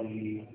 الظالمين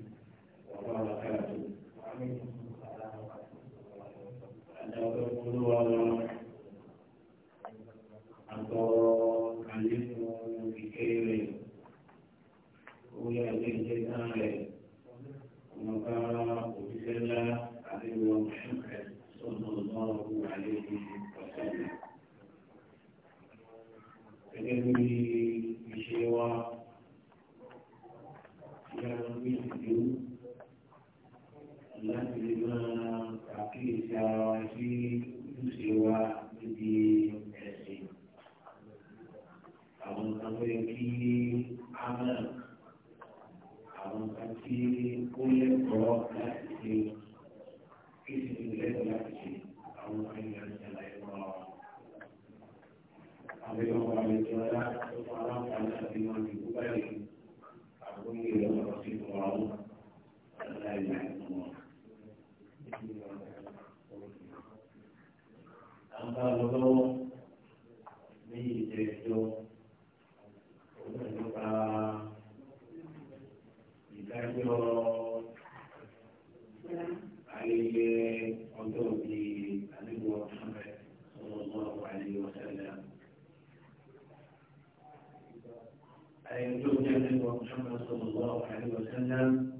محمد صلى الله عليه وسلم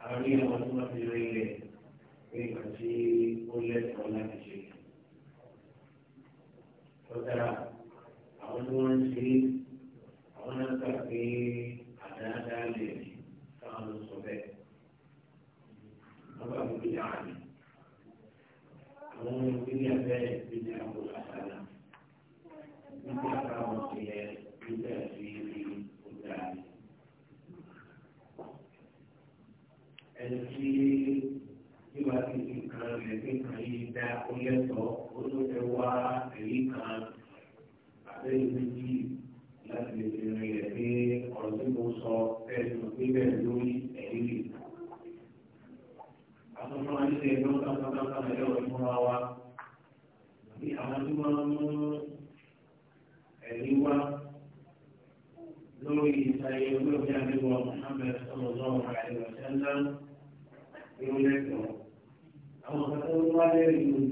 عملية مطلوبة في غيره كيف في كل هناك شيء فترى أعوذ بالله أعوذ بالله kò lẹ́tọ̀ọ́ ó ló fẹ́ wá èyí kan àbẹ́yẹ méjì láti lè fi rìn rẹ̀ pé ọ̀rọ̀ tí mo sọ fẹ́ẹ́ lò níbẹ̀ lórí ẹ̀rí rè. àtúntò àyíṣe ẹgbẹ́ pátápátá ẹ̀rọ ìmúra wa bí àwọn tí wọ́n mú ẹ̀rí wá lórí ìtayé olóògbé àdéhùn Muhammad sallallahu alaihi wasallam ló lẹ́tọ̀ọ́. àwọn kan tó wá lẹ́rìí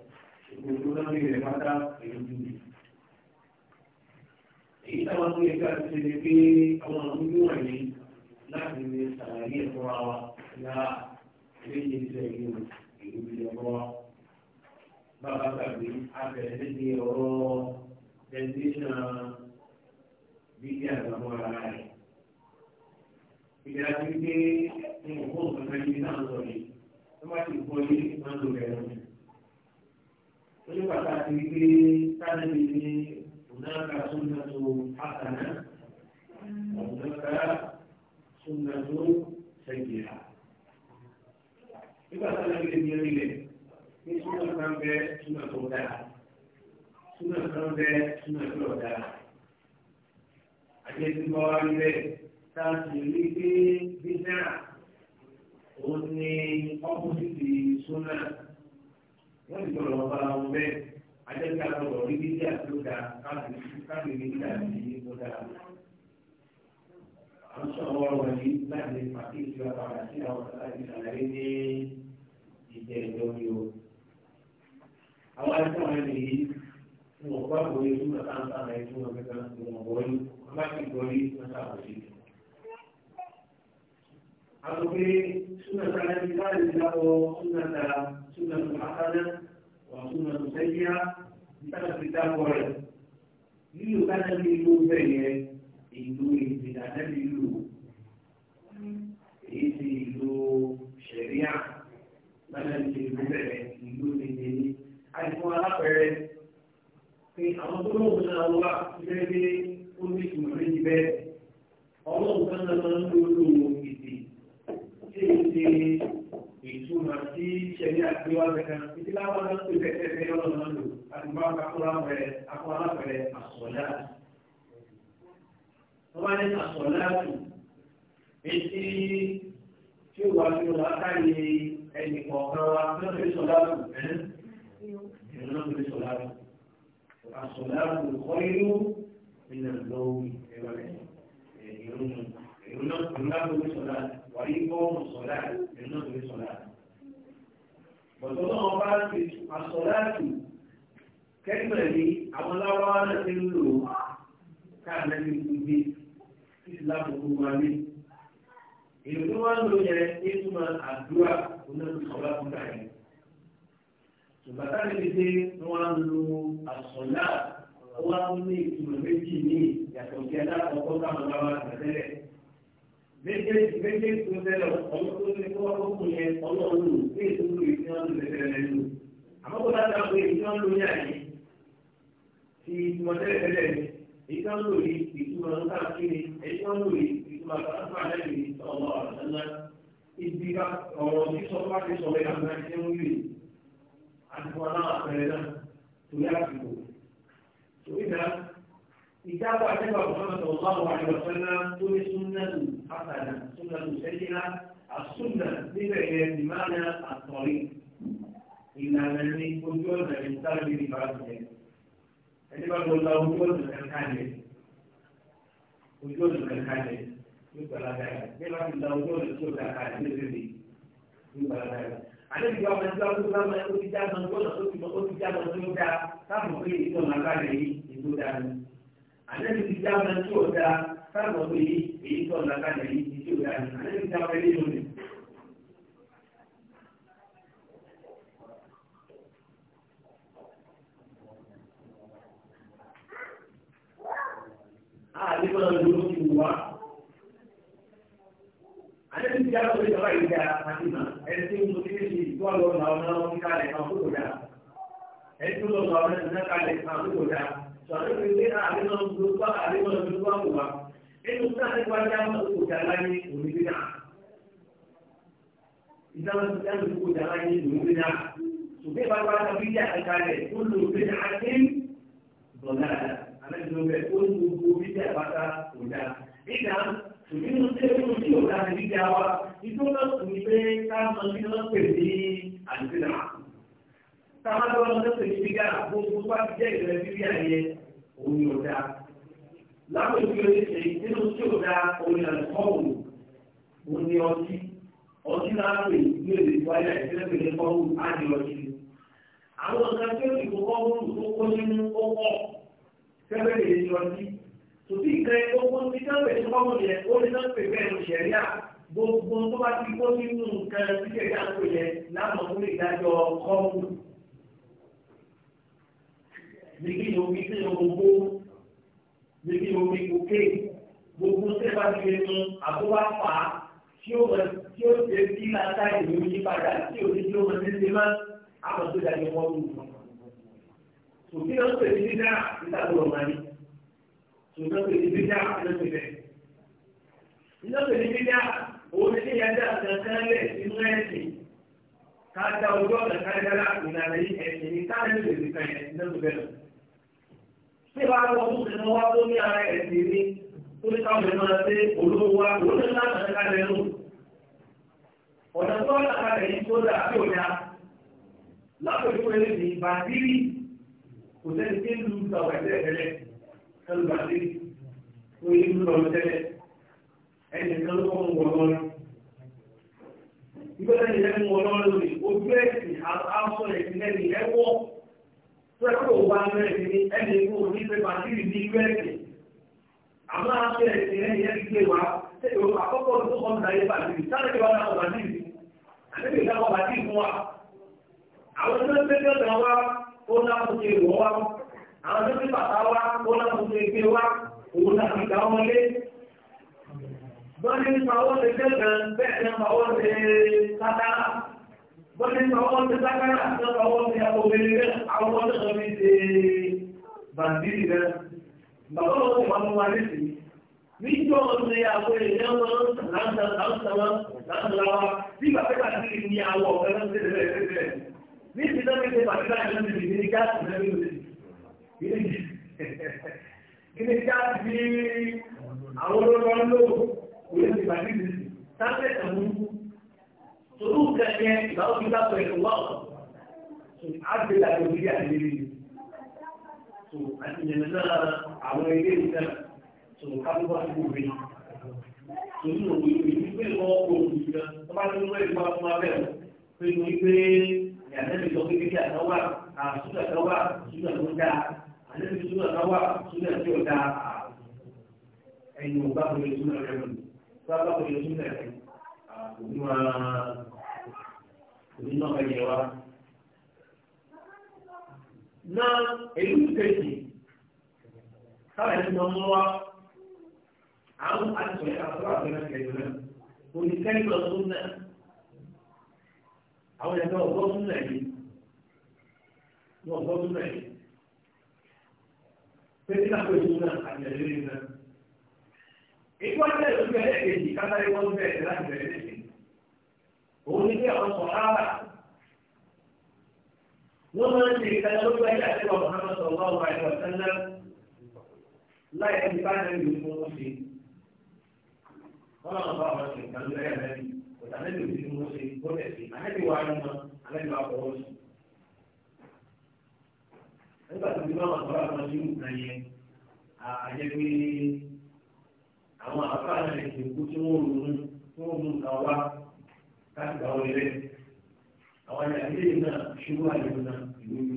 gbogbo lórí rẹ̀ pátá pẹ̀lú dúdú. èyí táwọn tó yẹ ká ṣe ni pé àwọn àwọn wọ̀nyí láti lè ṣàlàyé ẹ̀kọ́ wa ya eléyìí ṣe ìlú ìlú ìlú ẹ̀kọ́ wa. bàbá tàbí abẹ̀rẹ̀ lédè ọ̀rọ̀ tẹ̀síṣàn bíbí àgbàmọ́ ara náà lọ yìí wọ́n bá ti gbọ́ yé máa ń lo ẹ̀rọ mi lórí pàtàkì wípé sáàdì ní ònàkà súnmọ́tò àtàná ònàkà súnmọ́tò sẹ́yìnà. nígbà tó lẹ́yìn lè ní orílẹ̀ ní súnmọ́ kan bẹ́ súnmọ́tò dáa súnmọ́ kan bẹ́ súnmọ́tò dáa. àjẹsí bọ́ wá níbẹ̀ sáàdì rí pé bíjà òun ni ọ́pọ́sìtì súnmọ́tò wọ́n ti lọ́wọ́ bá wọn bẹ́ẹ̀ ajẹ́ká lọ́wọ́ rí bíbí àtúndà káàdì nígbà tí ó dára. à ń sọ̀rọ̀ wọn yìí láti pàtí ìṣúra padà sí àwọn aláìsí àlàyé ní ìjẹ́ ìjọ ni o. àwọn àìsàn wọn lè yí wọn kọ́ àgbòye fún ọ̀tá ń sára ẹ̀jú wọn kẹta wọn wọlé wọn bá ti gbọ́ yí sí i. أبوكي سنة الانتقال له سنة سنة حسنة وسنة سيئة بسبب كتاب ورد lílo kájà bí ìlú bẹ́ẹ̀ yẹ ìlú ìgbìlá lẹ́nu ìlú èyí ti ìlú sẹ̀ríà lọ́nà ti ìlú bẹ́ẹ̀ ìlú nìyẹn ni àìfún alápẹ̀rẹ̀ pé àwọn tó lóun náà wà gẹ́gẹ́ bí ó kita ìtumọ̀ méjì bẹ́ẹ̀ ọlọ́run kan náà máa ń tí ó ṣe ìtumọ̀ sí ṣẹlẹ̀ àgbéwá kankan títí láwọn náà tó tẹ̀sẹ̀ fẹ́ lọ́nà náà lò àtúbọ̀ akọ́lápẹ̀rẹ̀ akọ́lápẹ̀rẹ̀ àsọ̀lá. wọ́n bá ní àsọ̀lá tù etí tí ó wà ní ọ̀la káyé ẹnì kọ̀ọ̀kan wa tí wọ́n fi sọ̀lá tù ẹ̀ ẹ̀ lọ́nà tó tù. àsọ̀lá tù kọ́ inú ìlànà òwì ẹ̀rọ ìrúnáwó ní sọ̀lá wàyí bọ́ọ̀mù sọ̀lá ìrúnáwó ní sọ̀lá. bọ̀dọ̀ náà bá ti asọ̀láàtù kẹ́gbẹ̀ ní àwọn láwáwá náà ti ń lò káàmẹ́ ní gbogbo títí lábùkù wa ní. ìlú tí wọ́n ń lò yẹn ní túmọ̀ àdúrà onáwó sọ̀lá fún káyọ̀. ṣùgbọ́n táwọn ibi tí wọ́n ń lo àsọ̀lá wọ́n á ní ìtumọ̀ méjì ní ìyàtọ̀ sí adákọ̀ọ́kọ́ táwọn láwáwá tẹ̀lé méjèèjì méjèèjì tó tẹ́lẹ̀ ọ̀hún tó ní kó ọkùn yẹn ọlọ́run ní ìdúró ìdíwọ́n tó tẹ́lẹ̀ lẹ́nu. àmọ́ kó láti àwọn ìdíwọ́n ló ní àyè ti ìtumọ̀ tẹ́lẹ̀ tẹ́lẹ̀ ni ìdíwọ́n ló ní ìtumọ̀ nípa kíni ìdíwọ́n ló ní ìtumọ̀ àtàkùn àlẹ́bí ọmọ àtàlá ibi ká ọ̀rọ̀ tí sọ bá ti sọ pé àwọn ẹni ń wí àtìkọ́ náà àpẹẹrẹ náà torí àsìkò torí náà كتاب عجب محمد صلى الله عليه وسلم كل سنة حسنة سنة سيئة السنة بفعل بمعنى الطريق إلا من وجود الإنسان بفرسه عندما قلت وجود الحاجة وجود الحاجة يقبل هذا لما قلت وجود السنة الحاجة يقبل هذا ale bi wa mɛtɛ awo ba mɛ o ti da mɛ o ti da mɛ o ti da mɛ o ti da k'a fɔ ko ìtò nàka lè yi ìtò da mi. àlẹ́bí ti dá ọ̀nà tí ò da sáàmù pé èyí tó ọ̀nà kalẹ̀ yìí ti tí ò da ti dá ọ̀nà ilé lónìí. àti kọ́ lọ́dún ló ti wù wá. àlẹ́bí ti dá ọ̀nà ìjọba yìí da àti mà ẹni tí mo ti ṣe ìtọ́ lọ́nà ọ̀nà ọ̀nà kíkà lẹ̀ kan kókò da ẹni tí mo lọ́nà ọ̀nà ìjọba kalẹ̀ kan kókò da. Soalnya kita ahli menduga, ahli menduga pula. Ini bukan sebuah yang menduga jalan ini berbeda. Kita menduga menduga jalan ini berbeda. Sudah bawa tapi dia sekali. Kulu bid'atin dolalah. Anak juga pun buku bid'ah baca sudah. Ini Ìbí ló tẹ́ fún ojú ọ̀dà nígbà wa, ìdúró lọ́sùn ní pé ká mọ sí lọ́pẹ̀ ní àdúgbò náà táwọn lọ́wọ́ ló pè ní bíga gbogbo wá jẹ́ ìrẹ́ bíbí àyẹ òun yóò dá. láwọn ìlú oríṣi nínú tí ò dá orin àlùkọ́wò mo ní ọtí ọtí láàpè ní èdè ìwáyà ìfẹ́lẹ́pẹ̀ ní kọ́wù á ní ọtí. àwọn ọ̀sán tí ó ti kó kọ́wù tó kó nínú ó pọ̀ fẹ́fẹ́ lè ní ọtí. tòbí ìkẹ́ gbogbo tí sáńpẹ̀ tó kọ́wù yẹ ó ní sáńpẹ̀ bẹ́ẹ̀ ló gbogbo tó bá ti kó nínú nǹkan tí kẹ̀kẹ́ àpò yẹ láwọn ọkùnrin ìdájọ́ kọ́wù nígbì omi tí o gbogbo nígbì omi gòkè gbogbo sẹ́fà ti lè mú àbúrò fà tí ó tí ó ṣe bí láta ìlú yí padà tí o ti tí o mọ títí má àkọsí ìdájọ́ wọn lù ú. Sòtí ló ń pè ní dídá ìtàkùn ọ̀mà ni. Sòtí ló ń pè ní dídá ló ti bẹ̀. Ìjọ pè ní dídá òun ní kí yàtọ̀ kankan lẹ̀ nínú ẹ̀sìn. Ká da ojú ọ̀nà ká dára ìlànà yìí ẹ̀sìn ní ká lè lè fi kan yẹn lọ́dún bẹ́ẹ̀ lọ tí bá lọ tó ti wá tó ní ara ẹ̀ sí ní tó ní káwọn ẹ̀ máa ṣe olówó wa ló ní láti ṣe ká lẹ́nu. ọ̀nà tó wà lára ẹ̀ yìí tó dà sí òyà lápẹ̀lú ẹ̀rẹ́ ní bàtírí kò sẹ́ni tí ń lu ìgbàgbà ìtẹ́lẹ̀ tẹ́lẹ̀ kẹlu bàtírí tó yẹ kí lọ́ọ́ tẹ́lẹ̀ ẹ̀yìn kan ló kọ́ wọn lọ́rọ́. ìgbésẹ̀ yẹn ń wọ lọ́rọ́ lórí ojú ẹ̀sìn àwọn aṣọ ẹ̀sìn pẹ̀lú òwò amẹ́rin ní ẹni ikú ní pépà tí ìdí ìrẹ́sì àmọ́ amẹ́rin ní ẹni ẹni gbé wa ìwọ àkọ́kọ́ tó kọ́ nígbà yẹn bàtí sáré wa náà bàtí ìdí àti ìdí wa. àwọn tó ń ó náà kó wọ̀ àwọn tó ń ó gbé òun náà lé. ṣe bẹ́ẹ̀ wọ́n ti sọ wọ́n ti sákàrà sọ́kà wọ́n ti àwọn obìnrin rẹ̀ àwọn ọmọ tó fi ṣe bàndìrì rẹ̀ bàbá wọn ti wọn wá lẹ́sì níjọ́ ọdún yà wọ èèyàn wọn lásàlá lásàlá wa bí bàbá bá ti ní àwọ̀ ọ̀fẹ́ lọ́sẹ̀ rẹ̀ rẹ̀ ní ti sọ́kà ṣe bàbá bá ti ní ìdílé gáàsì rẹ̀ lórí ìdílé gáàsì bí àwọn olóńgbò lò kò lè ti bàndìrì sáfẹ́ tàbí tòlú nǹkan ìgbà ó fi bá pẹ̀lú wà ó àgbè láti orí àdéhùn tó àti ìyẹn náà àwọn ilé ìtàn tó kábíbá tó kò rí tòlú òwe ìlú pé wọn kò rí ìtàn tó bá tó ń wẹ̀ nípa fún abẹ́ wọn pé ní pé ìyàtẹ́lẹ̀ sọ pé kékeré àtàwà àtúntà àtàwà àtúntà tó ń dáa àtẹ́lẹ̀ àtúntà àtàwà àtúntà tí ò dáa ẹ̀yìn ò kò lè túnbọ̀ rẹ̀ ma nnọọ òbí náà na èyí ń kejì káwọn ẹni máa mú wá àwọn àtúnṣe àtúnṣe àtúnṣe kẹjọ náà oníkẹ́yìn lọ sún náà àwọn ẹ̀ka ọ̀gbọ́n sún náà yìí wọ́n ọ̀gbọ́n sún náà yìí pété náà pé sún náà àti ẹ̀lẹ́rìí náà. ìkọ́jẹ́ ìlú bẹ̀rẹ̀ kejì kátàrí wọ́n láti bẹ̀rẹ̀ òun ní bí àwọn sọ̀rọ̀ wọ́n máa ń ṣe ìtajà lójú àti ọ̀rọ̀ náà sọ̀rọ̀ wá wà ẹ̀rọ sẹ́lẹ̀ láì fi bá ẹ̀rọ fún wọn ṣe. wọ́n máa ń bá lẹ́yìn fún wọn ṣe gbọ́dẹ̀ sí àlẹ́bí wa ni wọn àlẹ́bí wa sí. nígbà tó ti sọ̀rọ̀ àwọn yẹn pé àwọn náà lè tí wọ́n rò ó láti gbà wọlé lẹ́nu àwọn ẹ̀yà ilé náà ṣubú àyẹ̀wò náà ìlú ìlú.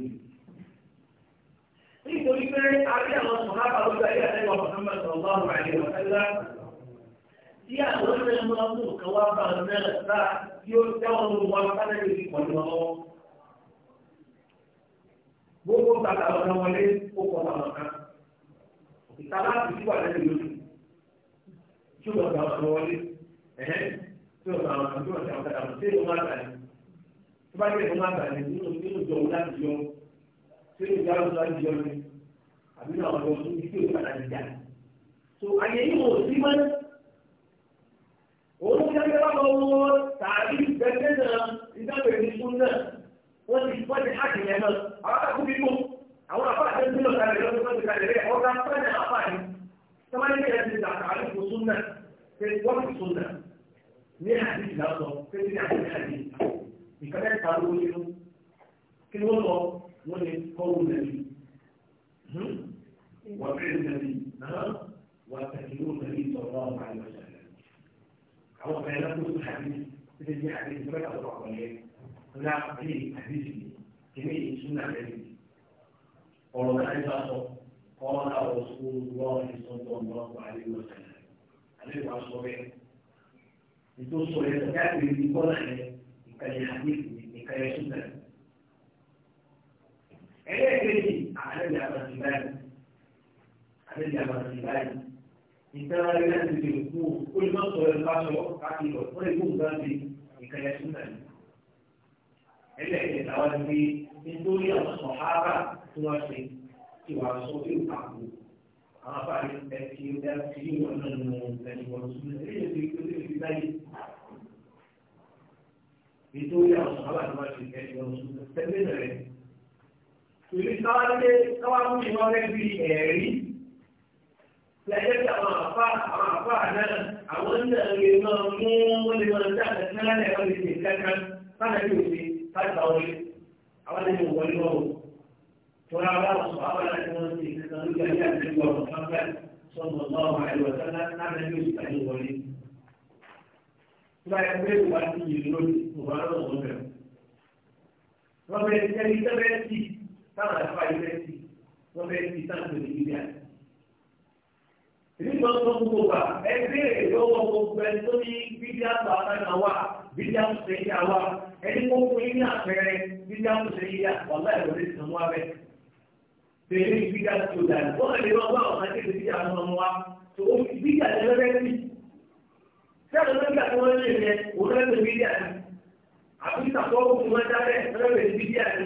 nítorí pé àrí àwọn sọ̀rọ̀ àwọn ọ̀gá ilé àtẹ́wọ̀ Muhammad sallallahu alaihi wa sallam tí àwọn ọ̀rẹ́ máa mú nǹkan wá bá ọ̀rẹ́ náà láà tí ó dáwọn ọmọ wa sáré lè pọ̀ ní ọwọ́. gbogbo tàbí àwọn ọmọ wọlé ó pọ̀ láwọn kan. ìtàlá àti tí o máa tí o máa tàbí tí o máa tàbí tí bá tẹ̀lé o máa tàbí nínú nínú jọ̀wọ́ láti yọ tí o yára lọ láti yọ ni àbí náà lọ sí ibi tí o padà ti jà. tó àyè yìí wò sí mọ́ òun ti ẹgbẹ́ bá lọ wọ tàbí bẹ́ẹ̀ náà ìdábẹ̀rẹ̀ ní fún náà wọ́n ti wọ́n ti hàkì yẹn náà àwọn àkókò bí mú àwọn àfa àti ẹgbẹ́ náà kàlẹ́ lọ́wọ́ tó kàlẹ́ rẹ̀ ọ̀gá fẹ́ẹ̀ náà àfa ni sọ́mọ́ ní àdìsí náà sọ pé ní àdìsí àdìsí ìkẹ́lẹ́ ta ló nínú kí ni wọ́n sọ wọ́n ní kọ́wọ́ nàbí wà bẹ́ẹ̀ nàbí wà tẹ̀síwò nàbí sọ̀rọ̀ àwọn àyọ̀ sẹ̀lẹ̀ àwọn ọ̀gá ẹ̀rọ tó àdìsí títí ní àdìsí tó bẹ́ẹ̀ sọ̀rọ̀ àkọlẹ̀ ńlá àdìsí àdìsí kìíní ìsúná rẹ̀ ọ̀rọ̀ náà ń bá sọ قال رسول الله صلى الله عليه وسلم عليه وسلم ètò sọ ẹ sọ káàkiri ní bọ́lá rẹ ìkàlẹ̀ àdéhùn ìkàlẹ̀ súnà. ẹlẹ́ẹ̀kejì àlejò àbàtì báyìí àlejò àbàtì báyìí ìtara rẹ láti lè kú ó lè má sọ ẹ lọ́sọ káàkiri lọ wọ́n lè kó nǹkan sí ìkàlẹ̀ súnà. ẹlẹ́ẹ̀kejì àwọn ẹgbẹ́ nítorí àwọn sọ̀hábà tí wọ́n ṣe tí wàá sọ fún àpò àwọn afáàrí ẹtì ẹtì ẹtì ìwọ̀n náà nù ẹnìwọ̀n tún ẹyẹ ti kí ó ti láyé. ètò ìyá ọ̀sán àti wọ́n ti ẹnìwọ̀n tún tẹ́lẹ̀ rẹ̀. ìlú táwa nílé táwa mú ìwọ́n rẹ̀ bí ẹ̀rí. lẹ́yìn tí àwọn afá àwọn afá náà àwọn náà lè máa mú wọ́n lè máa dá ẹ̀sìn lálẹ́ wọ́n lè ṣe kankan fáwọn ẹ̀rí òṣè fáwọn ìgbà wọlé àwọn ẹ̀rí òwọlé wọn ò ترى بعض الصحابة يكون في تدرج إلى النبي محمد صلى الله عليه وسلم أن يوسف أن الوليد لا يقبل أن يجرون مباراة الغفر ومن يجري تبعتي ترى فايدتي ومن يجري تبعتي nígbà tó ń gbogbo wa ẹgbẹ́ ìlọ́wọ́ gbogbo ẹni tó ní bídíà tó àtàkà wa bídíà tó ṣe yíyá wa ẹni gbogbo yíyá àpẹẹrẹ bídíà tó ṣe yíyá wàlá ìwọlé ìsìnkú wa bẹ́ẹ̀ tẹ̀lé ìgbígbà tí o dà ní. Wọ́n lè lọ bá ọ̀nà tí èdè ìjà àwọn ọmọ wa. Tó o fi gbígbà tí wọ́n rẹ́sì. Sẹ́ẹ̀lì nígbà tí wọ́n lè yẹ, òun rẹ́sì gbígbà ni. Àbí ìtàkọ́ òkú wọn dárẹ̀ rẹ́sì gbígbà ni.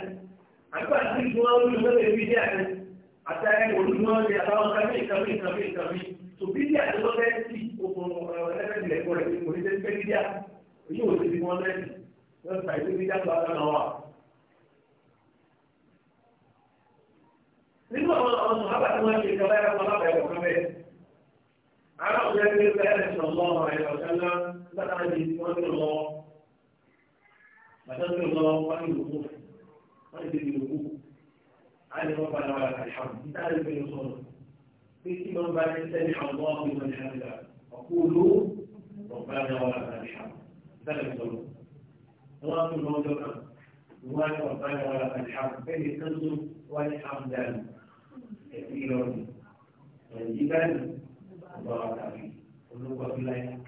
Àbí àti ìtumọ̀ olùdó rẹ́sì gbígbà ni. Àtàrẹ olùdó rẹ̀ àbáwọn kàmí ìkàmí ìkàmí ìkàmí. Tó gbígbà tí wọ́n rẹ́sì òkun rẹ́sì lẹ́kọ̀ọ́ rẹ̀ nínú àwọn àwọn sọ̀rọ̀ tí wọ́n ṣe ìjọba ẹ̀rọ ọlọ́pàá ẹ̀rọ kan bẹ́ẹ̀. ara òṣèré ní ìgbà ẹ̀rọ sọ̀rọ̀ lọ ọ̀rọ̀ ẹ̀rọ sẹ́lá nígbà tí wọ́n ti lọ bàtà tó lọ wọ́n ti lòkù wọ́n ti ti lòkù àti wọ́n padà wà láti ṣàmù níta lè fi sọ̀rọ̀ bí kí wọ́n bá ní sẹ́ni àwọn ọmọ ìwọ̀n ìṣàmìlà ọ̀kúlù ọ̀gbà náà wà láti ṣàmù níta lè sọ̀rọ̀ wọ́n tún lọ́jọ́ kan wọ́n á ní ọ̀gbà náà wà láti ṣàmù bẹ́ẹ̀ ni كثيرا والجبال مباركة فيه ونوبة في الليل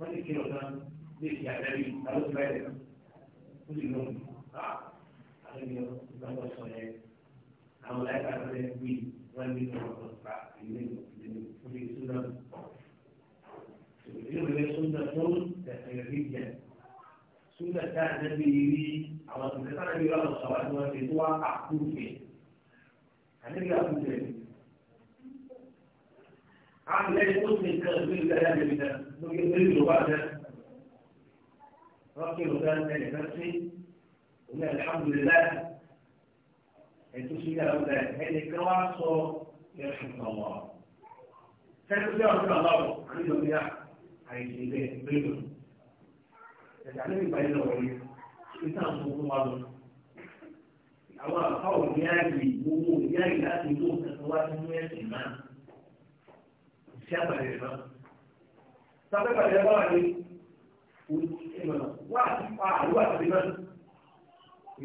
ولكن كان ليش يعتبر هذا سبعين كل يوم أخيرا بعد الصلاة أو لا تعرف بي ولم يتوقع من كل سنة يوم السنة تون تخيرية سنة تعتبر لي أو تتعلم بي الله صلاة وتتوقع كل شيء هنرجع أقول تاني عامل اي قسم التغذير الكلام ده رجله بقى ده رجله ده تاني نفسي وقال الحمد لله انتوا سيدنا اولاد هذه كراسه يرحمك الله كانوا يرحمك الله عندهم يا عايزين بيه بيه تعلمي بعدين لو عايز انت هتقول له àwọn àpá òní àyè gbogbo òní àyè láti ló ń tẹ̀sán ẹ̀sìn náà ìṣe àpàdé rẹ̀ náà. sábẹ́ pàdé bá wà ní ìmọ̀nà wá àtúpa àtàlẹ́ náà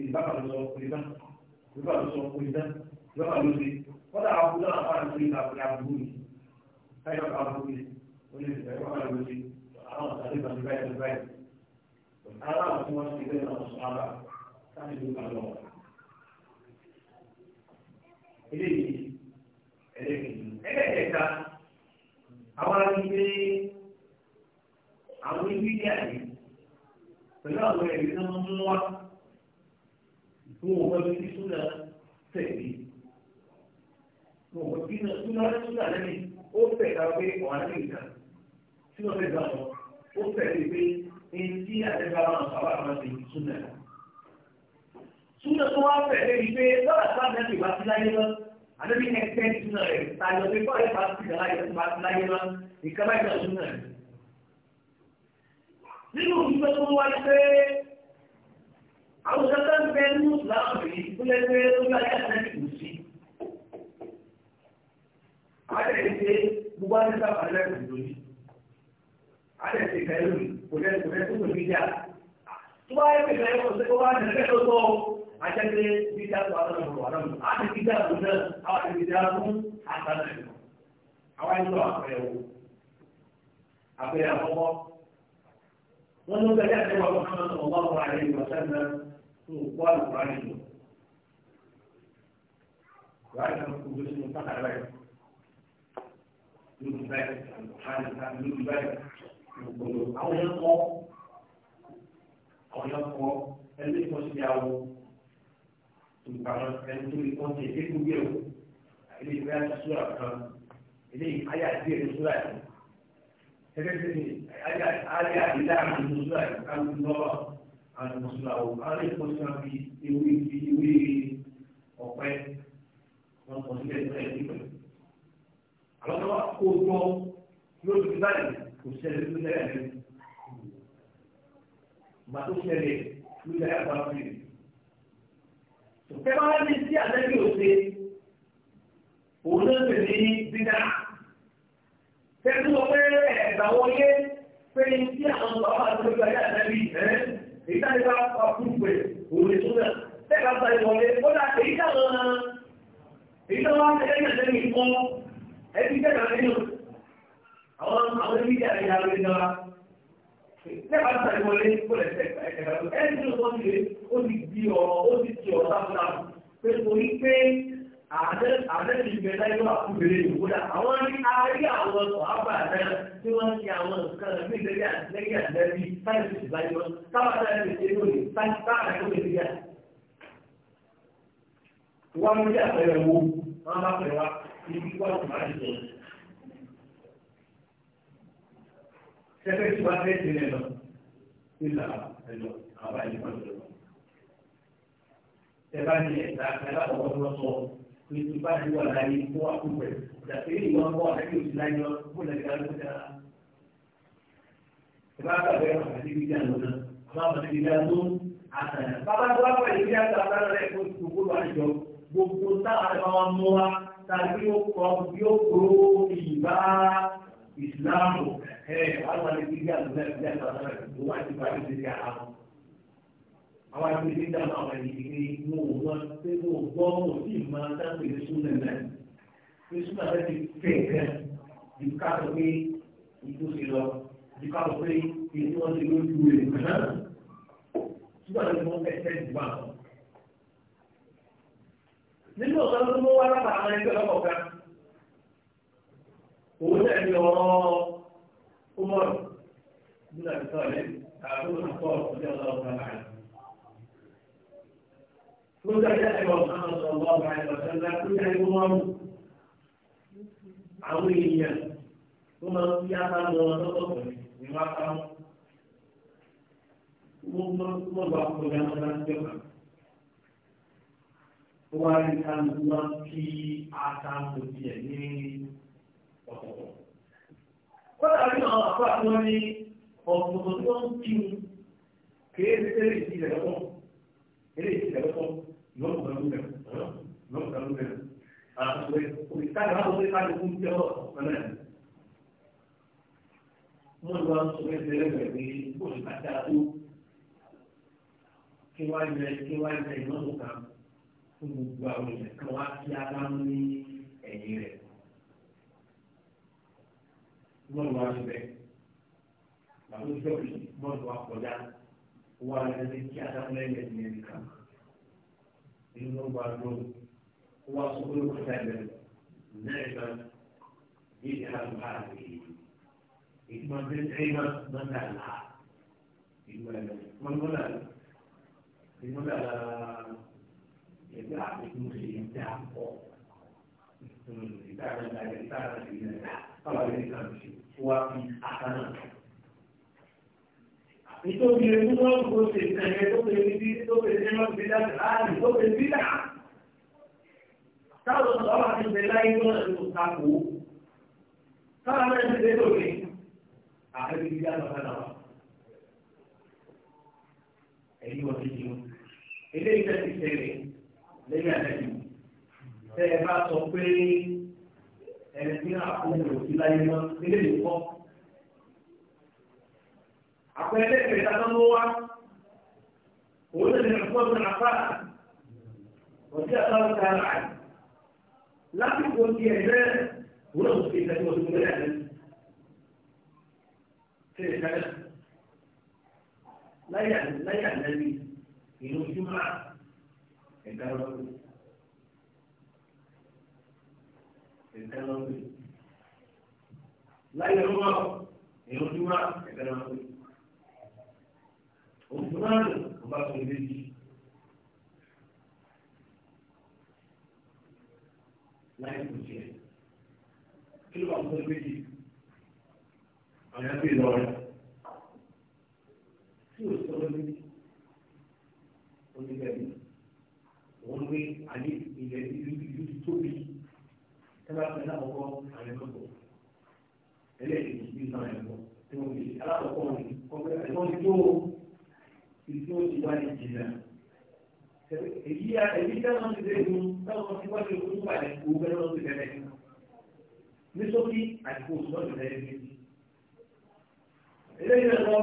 ìbá kan lọ òyìnbá ìbá kan lọ òyìnbá ìbá kan lọ sí wọ́n dà náà wà lórí ìlàkùnrin àbúrò yìí káyọ̀ kan àbúrò yìí wọ́n lè fẹ́ wọ́n kan lọ sí àwọn àtàlẹ́ kan lọ báyìí lọ báyìí. àwọn àwọn tí wọ́n ti gbé náà sọ eléyìí ẹlẹ́kìnrin ẹlẹ́kẹta àwọn agbègbè àwọn ibi díà pẹ̀lú àwọn ẹ̀rí tó ń mú wa fún òkè bíi súnà tẹ̀lé fún òkè bíi súnà súnà lẹ́yìn ó tẹ̀ka pé ọ̀hán lè gbà tí wọ́n fẹ́ gbà wọ́n ó tẹ̀lé pé ẹni tí àtẹ́gbà máa ń àwọn ti súnà. súnà tó wá tẹ̀lé yìí pé lọ́dà sáà náà ti láyé lọ́dà àdébí ní ẹgbẹ́ ìtúná rẹ̀ tàbí ọdún kọ́ ẹ̀ bá ti dà láyé bá ti láyé lọ nìkan bá ìgbà ìtúná rẹ̀. nínú ìgbẹ́ tó wá pé àwọn òṣèlú ń bẹ ní ìsìláàmù yìí tó lé pé ó yá yá náà kù sí. àdéhùn ṣe gbogbo àti sábà lẹ́kùn lórí. àdéhùn ṣe kẹ́lù kò lẹ́kùn lẹ́kùn lórí yá. tó bá yẹ kẹ́lù kò sí kó wá nílẹ̀ lọ́tọ̀ọ́ ajẹ́gbẹ́ dídá tó àwọn ọmọ ọ̀rọ̀ mi àti dídá tó náà àwọn àti dídá fún àtàlà ẹ̀rọ àwọn ẹ̀rọ àpẹẹwò àpẹẹrẹ àkọ́kọ́ wọn ló gbẹdẹ àti wọn kọ́kọ́ náà wọn bá wọn àyè ìwọ̀sán náà fún òkú àlùkò àlejò wàá yẹ kó gbé sínú pátákà yìí lórí báyìí àlùkò àlùkò lórí báyìí òkòlò àwọn yẹn kọ́ àwọn yẹn kọ́ ẹni tó ti yà wọ́n olùkàwọn ẹni tó lè kọ́ńtì ẹ̀kú yẹ̀ o ilé ìwé àti sùúrà kan ilé ayé àti ẹ̀rọ sùúrà yìí gẹ́gẹ́ bí ayé àti dáàmú ẹ̀rọ sùúrà yìí káwọn lọ́wọ́ àwọn ẹ̀rọ sùúrà o àwọn ẹ̀kọ́ sí wọn fi ewé fi ewé ọ̀pẹ wọn kọ̀ sílẹ̀ ní ẹ̀rí pẹ̀lú. àwọn ọmọ kó gbọ́ yóò fi báyìí kò ṣẹlẹ̀ lórí ẹ̀rí. màtó ṣẹlẹ̀ lórí ẹ̀rí tẹ bá wá ní sí àtẹ́bí òde òun ló sì ní dídá tẹ́tí wọ́n pé ẹ̀ẹ́dà wọlé pé tí àwọn bàbá àtẹ́bí ayé àtẹ́bí ẹ̀ ìdájọ́ bá wà fún òun lè náà tẹ́ka bá ìwọlé ó dà èyí táwọn èyí táwọn àtẹ́bí àtẹ́bí kọ́ ẹbí tẹ́ka nínú àwọn àwọn ẹbí jẹ́ àyà rẹ̀ náà nípa wọ́n mú ìyá àpẹẹrẹ wo wọ́n bá pẹ̀lú wa ibi wọ́n ti máa ń jẹun. tẹ́lẹ̀ tí wọ́n fẹ́ tilẹ̀ lọ nílà ẹ̀lọ àbá ìgbà lọ. ẹ bá ní ẹ̀ta ẹ̀la tó sọ ní ti bá ti wà láyé kó wà kú pẹ̀ dàpé ìwọ̀n bọ́ àti òsì láyé wọn kó lè bàbá tó bá pẹ̀lú ibi díà tó rẹ̀ kó gbogbo àjọ gbogbo táwọn àti àwọn ọmọ wa tàbí ó kọ bí kó ìbá ìsìláàmù ẹ̀ àwọn àdìgbìyà lọ́lẹ́gbẹ̀ẹ́ àtàwọn ẹ̀dùn wá ti parí sí àwọn àwọn àgbègbè dáná àwọn ìdílé mo ò mọ pé mo ò gbọ́ mo sì máa dábòó ní súnà náà ní súnà náà ti fẹ̀ gan ju ká sọ pé ìtò sí lọ ju ká sọ pé èyí wọ́n ti lójú rẹ̀ náà súnà náà mo fẹ́ fẹ́ jù nínú ọ̀sán tó mọ́ wá lábàá àwọn ẹgbẹ́ ọkọ̀ òun náà ní ọ̀rọ̀ ọmọrù nígbà tí wọ́n lé àbúrò náà kọ́ ọ̀sẹ̀ ọlọ́ọ̀gá láàyè. Lójá jẹ́ ẹ̀rọ ọ̀sán ọ̀sán ọlọ́ọ̀gá ẹ̀rọ ṣẹlẹ̀ tó jẹ́ ẹ̀rọ ọmọrù. Àwọn èèyàn tó máa ń fi ápá lọ lọ́tọ̀ọ̀tọ̀ ní wọ́n á mo gba kọjá lọ́dá sí ọ̀gá. Wọ́n á rí ká ló wá kí ata kò tiẹ̀ ní kọ́lá rí àwọn àpá tí ní ọ̀pọ̀lọpọ̀ tó ń kí un kéré sẹ́lẹ̀ ìdílé lọ́pọ̀ eré ìdílé lọ́pọ̀ lọ́pọ̀ pẹ̀lú rẹ̀ lọ́pọ̀ àtúwẹ̀ òrìṣàlẹ̀ máa wọlé ká lókun jẹ́ ọ̀pọ̀ náà wọ́n lọ sọ pé ìṣẹ̀lẹ̀ rẹ̀ bóyá kàtà tó kí wá ilẹ̀ kí wá ilẹ̀ ìmọ̀tò kan fún gbogbo àwọn ìṣẹ̀kan wá sí adámú ní ẹ̀yìn rẹ̀. mọ́lùwà ti bẹ̀ bàbá ìjọ bì mọ́lùwà kọjá wà lẹ́ni kí adámẹ́lẹ̀ ní ẹni kan inú ló wà lóhùn wà sókè ó sẹ́lẹ̀ nẹ́ẹ̀ka yìí ká ló bá rè é ìtumọ̀ bí ẹ̀yìnmá mọ́tà là ìgbà ẹ̀ mọ́tà ìmọ̀tà là ẹ̀dá ìtumọ̀ sí ìdá pọ̀ ìdá rẹ̀ ìdá rẹ̀ ìdá rẹ̀. fáwọn amẹ́ríkà ló ṣe wá fi àkànà. nítorí ẹni wọn kò ṣe ìtẹ̀yẹ tó fẹ́ ní tó fẹ́ ní wọn fi dá láàrin tó fẹ́ sí dà. táwọn ọ̀sán wà ní ìbẹ̀ láyé náà ló ta kó. táwọn amẹ́ríkà ti dé lórí àfẹ́bí dídá lọ́kàn náà. wọ́n ti jẹun. eléyìí tẹ́sí tẹ́lẹ̀ lẹ́yìn àtẹ́jú. tẹ́ ẹ bá sọ pé. ẹni tí náà fún mi ò sí láyé mọ́ ilé mi kọ́. àpẹẹrẹ ìrẹsà náà ló wá òun náà ní ẹ̀fọ́ mi nàfà ọ̀sí àtàwọn ọ̀sẹ̀ ara rẹ̀ lásìkò tiẹ̀ náà òun náà ò sí ìtẹ́jú ọ̀sẹ̀ tó lẹ́yìn àná. láyà láyà lẹ́yìn ìlú jùmọ̀ ẹ̀ka lọ́wọ́. ẹ̀ka lọ sí. láyé ló wà èèyàn tó wà ẹ̀ka lọ sí. òkú náà lò ó bá tó ilé yìí. láyé kò tiẹ̀. kí ló wà fún ilé yìí? àwọn ẹgbẹ́ ìlọrin. tí o sọ lórí onígbẹ̀rẹ̀ wọ́n gbé alẹ́ ilẹ̀ ìlú tóbi ẹ bá náà kọ́kọ́ àwọn ẹ̀mọ́ bọ̀ ẹlẹ́yìn ti sàn ẹ̀mọ́ tí wọ́n fi alákọ̀ọ́kọ́ wọn kọ́kọ́ ẹ̀mọ́ ti tó ìdí ti wá ní ìjìnlẹ̀ èyí èyí dáná ti dẹ́nu táwọn ti wá ní ojú balẹ̀ kó bẹ́ẹ̀ lọ́wọ́ ti bẹ̀rẹ̀ ní sókí àdìgbò lọ́dọ̀ rẹ̀ ní eléyìí lọ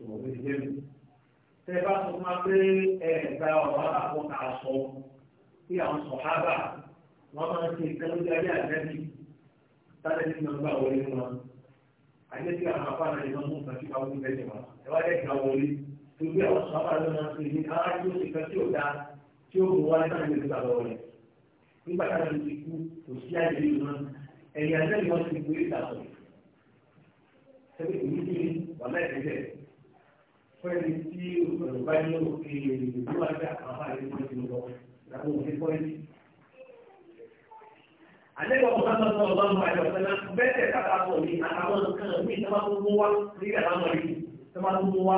ìwọ̀n ti dẹ́nu tẹ́ bá sọ fún pé ẹ̀ẹ́dá ọ̀rọ̀ àbọ̀ kà sọ àwọn sọ̀hábà wọ́n máa ń ṣe ìtẹ́lójú ayé àjẹ́bí sáré ní nọ́mbà wọlé wọn àjẹ́bí àwọn afárá ìmọ̀ mú nǹkan tí wọ́n wú bẹ́ẹ̀ wọn ẹ wá dẹ́ka wọlé torí àwọn sábà ló máa ń ṣe ní ara tí ó ṣe kan tí ó dá tí ó mú wáyé náà lè gbà lọ́wọ́ rẹ̀ nígbà táwọn ti kú kò sí àyè yìí wọn ẹ̀yìn àjẹ́bí wọn ti gbé ìtàkùn ṣẹ́ fẹ́ẹ̀ni tí olùbáyọ̀ òkè ìdìbò àti àkàfà ìdìbò ti lọ lábọ̀ òfin pọ́ìntì àlẹ́gbọ̀n mọ́tàn tó ọ̀gbọ́n mọ́ àjọ̀sẹ́lá bẹ́ẹ̀ kàtà pọ̀ ní àtàwọn nǹkan mí tó máa tún mú wá nígbà táwọn ọmọ yìí tó máa tún mú wá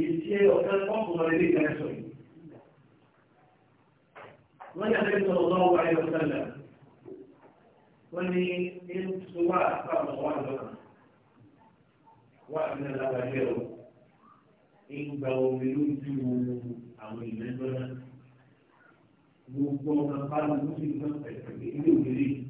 èsì ọ̀kan pọ́ǹpù lọ ilé ìgbà ẹ̀sọ̀ yìí. wọ́n ní àlẹ́ tó ọ̀gbọ́n wọ àjọ̀sẹ́lá wọ́n ní inú tó wà àtàwọn wà lọ́nà wà ní alábàjẹ́ o ìgbà omi lójú àwọn ìlẹ́gbọ́n gbogbo ọmọ bá lójú ìgbà pẹ̀lú ilé òkèlè yìí.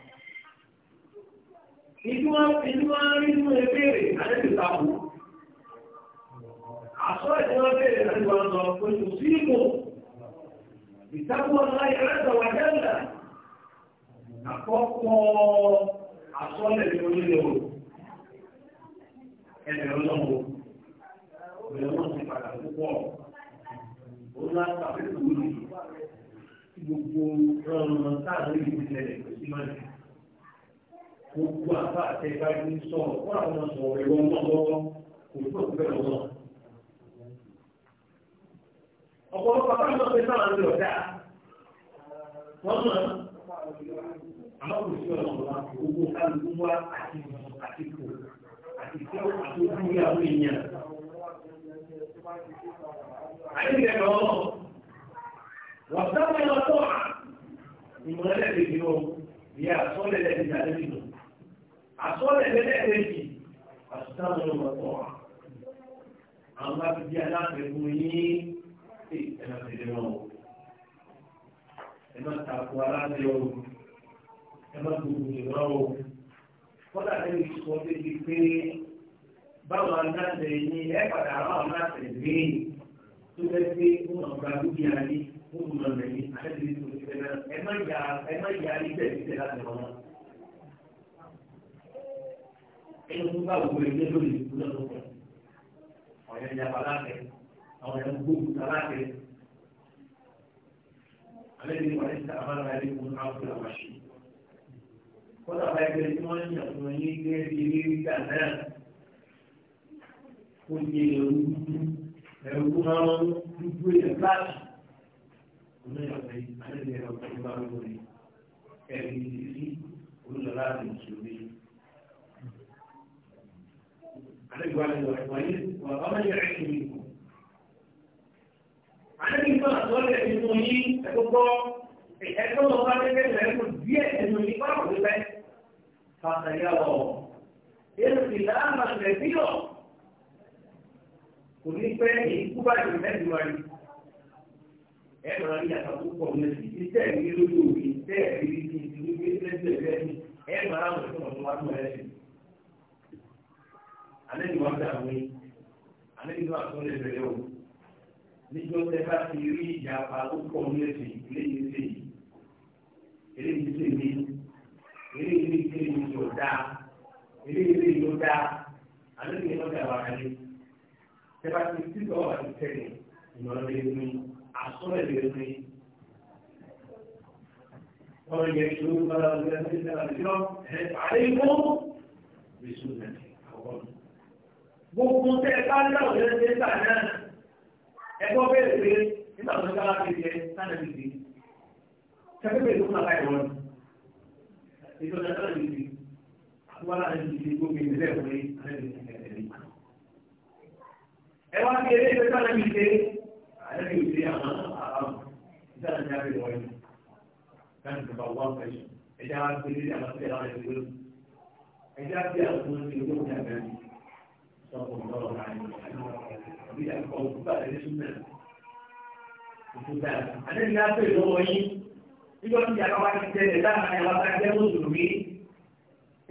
Ìjúwá ìjúwá nínú ebéèrè àti ìtàkù. Àṣọ́ ìjúwá bèèrè àti wà lọ pẹ̀lú sí ìmò. Ìtàkù ọ̀la ìrẹ́sọ̀ wà jẹ́lẹ̀. Àkọ́kọ́ àṣọ́lẹ̀ ní orílẹ̀ òru. Ẹ̀rẹ̀ ọlọ́mọ. Ìrẹ́wọ̀n ti padà púpọ̀. Ó láta pẹ̀lú gbogbo ọ̀rọ̀ táàrí ìpínlẹ̀ ìpínlẹ̀ gbogbo àbá àtẹ̀gbá ní sọ̀rọ̀ wọ́n àwọn ọmọ sọ̀rọ̀ ẹ̀rọ lọ́wọ́ kò tó ọ̀gbẹ́ lọ́wọ́. ọ̀pọ̀lọpọ̀ bá lọ pé sáà ń lọ dáa mọ̀ àmọ́ kò sí ọ̀nà wa gbogbo kálukú wa àti àti kò àti tí àti ojú ní àwọn èèyàn. àyẹ̀kẹ̀ lọ wọ́n sábà lọ tó à ìmọ̀lẹ́lẹ̀ lè àsọ́lẹ̀ lẹ́lẹ́rẹ́jì àṣìṣàmọ́lẹ̀ mọ̀tọ́ àwọn bá fi bí aláàbẹ̀kún yín sí ẹ̀nàfẹ̀lẹ̀ náà ẹ má tako aláàbẹ̀ o ẹ má gbogbo ìrọ̀ o kọ́dà lẹ́yìn sọ débi pé báwọn aláṣẹ ní ẹ padà báwọn aláṣẹ gbé tó fẹ́ gbé fún ọ̀gá dúkìá ní fún ọ̀nà mẹ́rin àti ẹ̀dínlẹ́sọ̀rọ̀ ẹ má yà ẹ má yà ilé ìtẹ̀lẹ́ láti rọ̀ ẹni tó bá gbogbo ẹgbẹ́ lórí ìlú lọ́dún kan ọ̀yọ́ ìjàpá láàkẹ́ àwọn ẹ̀rọ gbogbo ta láàkẹ́ alẹ́ ní wàlẹ́ àbára ẹni kún áwùjọ àwọn àṣì kọ́dà bá ẹgbẹ́ tí wọ́n yàn fún ẹni gẹ́gẹ́ ilé ìgbà náà ó yẹ ẹ̀rọ dúdú ẹ̀rọ tó máa ń dúdú èèyàn láti ọ̀nà ìyàwó alẹ́ ní ẹ̀rọ tó bá lórí ẹ̀rí ìdílé olùdó عدوان وعدوانين وغمل العلم منكم عدد الفرق أطول الإنسانيين تكبر الحكم الله لك لأنه بيئة الإنسانيين فرق بالبيت فخيروا ارتلاما كثيرا kò ní pẹ́ èyí kú bá ti mẹ́rin wá ní. ẹ máa rí àtà púpọ̀ lẹ́sìn tí tẹ̀lé lórí òkè tẹ̀lé ní ti ìdílé gbé lẹ́sìn lẹ́sìn ẹ máa rán ọ̀sán ọ̀sán wá tó ẹ̀sìn àlejò wọn dà wí àlejò náà tún lè bẹ̀rẹ̀ o níjọ́ tẹ bá ti rí ìjàpá tó pọ̀ ní ẹ̀sìn eléyìí ṣe yìí eléyìí ṣe mí eléyìí ṣe mí yóò dá eléyìí ṣe yóò dá àlejò wọn dà wà kálí tẹ bá ti tí tọ́ wà ti tẹ̀lé ìmọ̀ràn lè ní àsọ́rẹ̀ lè ní. Wọ́n yẹ kí ó bá lọ́wọ́ lẹ́sìn náà lọ́wọ́ ẹ̀ àlékún bí sùn náà àwọn ọ̀dọ́ gbogbo tẹ́ ẹ bá ń dáwọ̀ lẹ́nu tẹ́ gbà náà ẹgbọ́n pé nígbà tó ń gbà láti jẹ sáà ti di kẹ́kẹ́bẹ̀rẹ̀ tó ń nàbà ìwọ́n ètò ọ̀nà sáà ti di àtúwá láti ti di gbogbo ìdílé ìwé àti ìdílé ẹ wá sí eré ìwé sáà ti di àti ìdílé àwọn àwọn ìdáná ní abẹ́rẹ́ wọ́n yìí láti tó bá wọ́n fẹ́ ẹ̀dá gbélé àwọn ìdílé àwọn ìdílé ẹ̀dá gbé àwọn ìdílé sọ̀rọ̀ lọ́rọ̀ láàrin àbí àkọ́ òkúta ẹni súnmẹ̀. Òkúta àdéhùn náà pè lọ́wọ́ yín. Nígbà tí ìyá bàbá ti tẹ̀lé láàrin àwọn bá jẹ́ mùsùlùmí.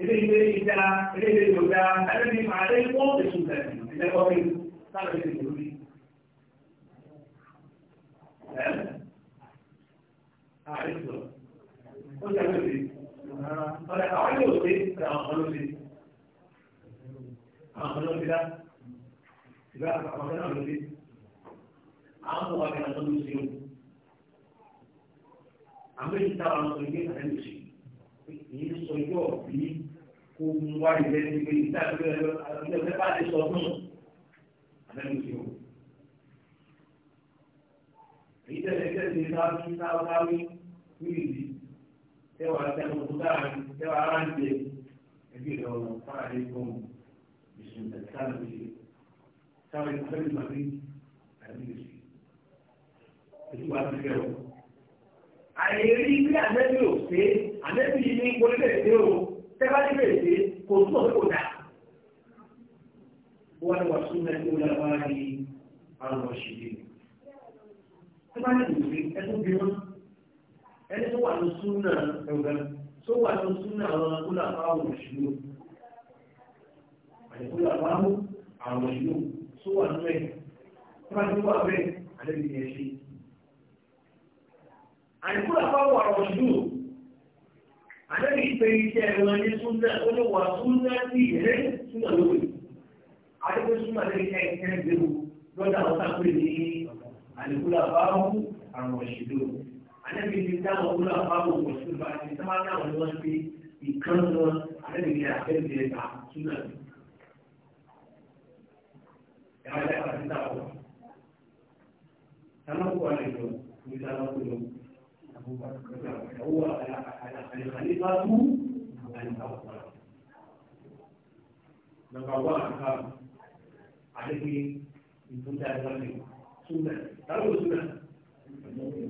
Ilé ilé ìjà, ilé ilé ìjọba, àdéhùn ní màá lé wọ́n ti súnmẹ̀ ìlẹ́kọ̀ọ́ mi sábà ti tẹ̀lé mi. Ààrẹ sọ̀rọ̀. Ó ṣe afọ ọmọ lọ́sí dá ìgbà àwọn ọmọ ndị lọ́sí àwọn ọmọ wàkẹ́ náà lọ́sí ndị o àwọn èyí tá àwọn ọmọ ìgbé àtẹ́lẹ̀ ndị ìyẹn sọ ìjọ bí kò mú wá ndị ndị ìgbé ndị ndị ndị ndị ndị ndị ndị ndị ndị ndị ndị ndị ndị ndị ndị ndị ndị nd in the country, carrying very money and ministry. Ètò wa ti fẹ́ o. Àìrí bí ànẹ́bí ò ṣe, ànẹ́bí ní orílẹ̀-èdè o, tẹ́fàdé lè ṣe, kò túbọ̀ pé kò dà. Wọ́n ní wàásù que se olè àwọn àrí àwọn ọ̀ṣìṣẹ́. Tẹ́fàdé lè ṣe ẹtú bí wọ́n. Ẹni tó wà ní súnà ẹ̀wọ̀n, tó wà ní súnà àwọn kúlà fáwọn òṣìṣẹ́ ẹ̀kọ́ làwọn àmú àwọn ìlú tó wà nínú ẹ̀ tó bá ti wà bẹ́ẹ̀ àdébí ni ẹ ṣe. àìkú làwọn àwọn ìlú àdébí pé iṣẹ́ wọn ní súnà olówó súnà sí ìrẹ́ súnà lórí àdébí súnà lórí ẹ̀ ẹ̀ gbèrú lọ́dà àwọn sáfẹ́ ní àìkú làwọn àwọn ìlú àdébí ti dáhùn kúlà تمرق على الجنوب وتمرق أبو بكر هو الخليفة الأفضل لما الله كان عليه من كنت أدرك سنة تعرفوا سنة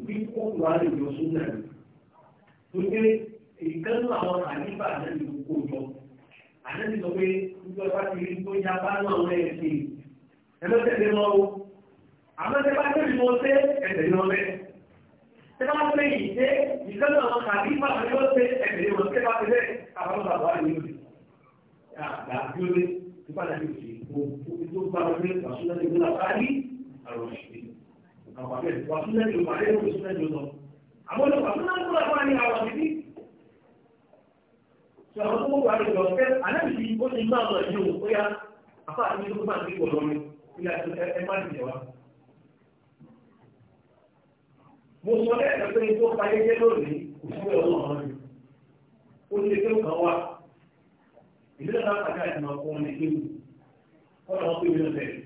في كل واحد من سنة تقول ìkẹ́lù àwọn àyíká àdáni gbogbo jọ àdáni sọ pé gbogbo ẹ̀fà ti rí tó yá bá náà wọ́n ẹ̀ ṣe ẹ̀mẹ́tẹ̀lẹ́ lọ́wọ́ àmọ́ tẹ bá tẹ́lẹ̀ mọ́ tẹ́ ẹ̀sẹ̀ ní ọlẹ́ tẹ bá tẹ́ yìí tẹ́ ìsẹ́lẹ̀ àwọn kàbí bá tẹ́ ó tẹ́ ẹ̀sẹ̀ ní ọlẹ́ tẹ́ bá tẹ́lẹ̀ àwọn bàbá wà ní òbí àgbà bí ó lé tí bá tẹ́lẹ̀ òsì òbí tó bá wọn lé wàsúlẹ̀ ní ìlú àbáyé àrùn òsì àwọn àbẹ̀ wàsúlẹ̀ ní ìlú àbáyé wàsúlẹ̀ ní ìlú àwọn wàsúlẹ̀ ní ìlú àbáyé àwọn àbí sọ̀rọ̀ tó wà ní ìlú ọ̀fẹ́ aláìsí ó ti máa lọ yìí ó yá àfáà ní ìlú bá ń gbé pọ̀ lọ́mọ ilé mo sọ lẹ́ẹ̀kan pé tó ta n'oge lónìí kò sí ọ̀rọ̀ ọ̀rọ̀ ni ó ní ẹgbẹ́ kan wá ìlú náà bá kàkà ìmọ̀ fún ọmọ ẹgbẹ́ kọ́ ọ̀rọ̀ pé mi ò bẹ̀rẹ̀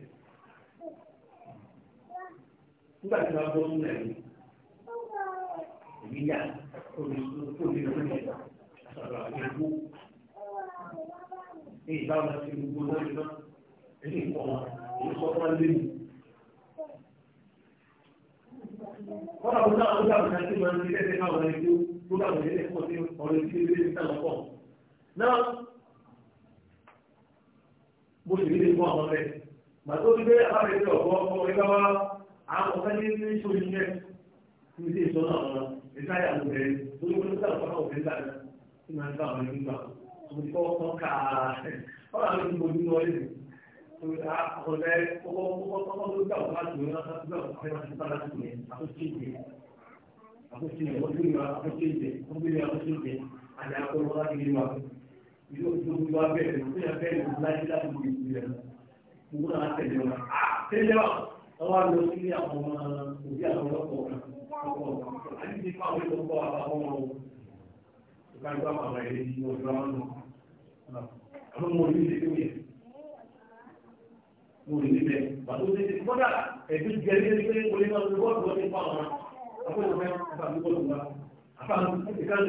nígbà tí bọ́ ẹ̀ sọ̀rọ̀ àti ẹ̀kú ní ti gbogbo kọ́nà kó sábà kó sábà sáà tí wọ́n ti tẹ́tẹ́ káwọn ẹni tó kó sábà lé lẹ́kọ́ sí ọ̀rọ̀ ìdílé ilé ní sábà pọ̀. náà mo sì lè fún àwọn ọ̀rẹ́ màtó ní ọ̀pọ̀ ọmọ wa àwọn ọ̀fẹ́ ní ní náà wọn tó ní wọ́n òfin dáadáa bá àwọn ẹni 后来我我我我我都叫我妈主要她不要陪她去上班去，她说辛苦，她说辛苦，我女儿她说辛苦，我女儿她辛苦，俺俩都说她辛苦，你说你说你要别人，不要别人来你那不给别人，我让他听见了啊，听见了，我话你今天我们五点钟要走了，我我俺你放回头过来，然后我感觉好了，我说啊，俺们母女这个面。mo lè níbẹ̀ pàtó ṣe ti kọ́dà ẹ̀dú jẹ́rí ẹni pé mo lè máa lo bọ́ọ̀lù lọ́dún pa ọ̀rọ̀ àpòlù fẹ́ àpá mi bọ́ọ̀lù wa àpá mi ti ká lọ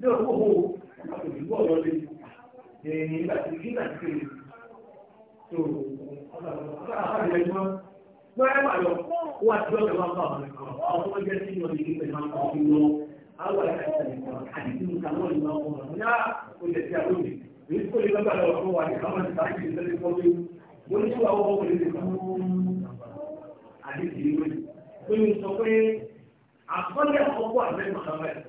ní ọdún owó àtòjúbọ̀ lọ́lẹ̀ ẹ̀yìn nígbà tí kí náà ti tó àbájáde wọn wọ́n wà lọ wọ́n àti ọ̀dọ̀ máa ń bá wọn àwọn ọmọ jẹ́ sí ọdún ìgbẹ́ máa ń bá wọn lọ àwọn àti nǹkan náà ni máa ń wọn ní oṣù tí a lóde èyí tó lè lọ́gbà lọ́wọ́ fún wa ní káwọn ti báyìí ní sẹ́lẹ̀ fọ́lé wọ́n ní wà wọ́n wọlé fún àdéhùn ìwé. Oyún sọ pé àkọ́lé àkọ́kọ́ àbẹ́ màkàmá ẹ̀sọ́.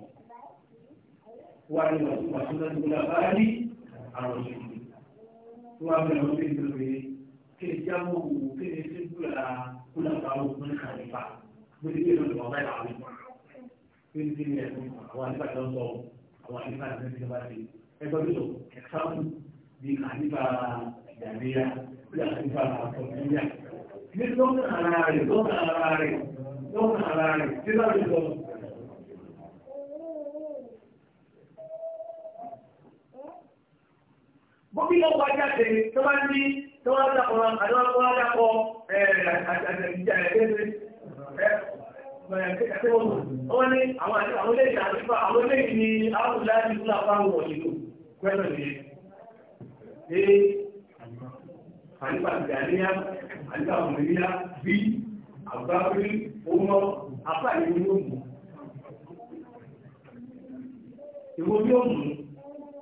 wà ní wàtúndàdúgbò abáyálí àwọn ìṣòro tó wà bẹ̀rẹ̀ wọ́n bẹ̀rẹ̀ bẹ̀rẹ̀ kéde jáwó wò kéde sígbìlà kúlàbà wò fún kàlífà bóyá kéde lọ́dọ̀ ọ̀bá ìlà àwọn ìmọ̀ kéde kéde ẹ̀kún àwọn àlífà tó ń sọ àwọn àlífà tó ń sọ ẹgbẹ́ tó ẹ̀sáàmù bíi àlífà ìdàmíyà bíi àlífà àtọ̀míyà ní lọ́nà ara rẹ̀ lọ́nà ara rẹ̀ lọ́nà ara rẹ̀ bó bí wọ́n wájá ṣe tó bá ní tó wá dàpọ̀ àdúrà tó wá dàpọ̀ wọ́n ní àwọn eléyìí àtúfà àwọn eléyìí ni àwùjá ti fún àpáwọn wọ̀nyí lò pẹ́lú ní ṣe àlùfàgbà àníyá àlùfà òmìnira bí àgbáwí ọmọ apá ìwé yóò mú ìwé yóò mú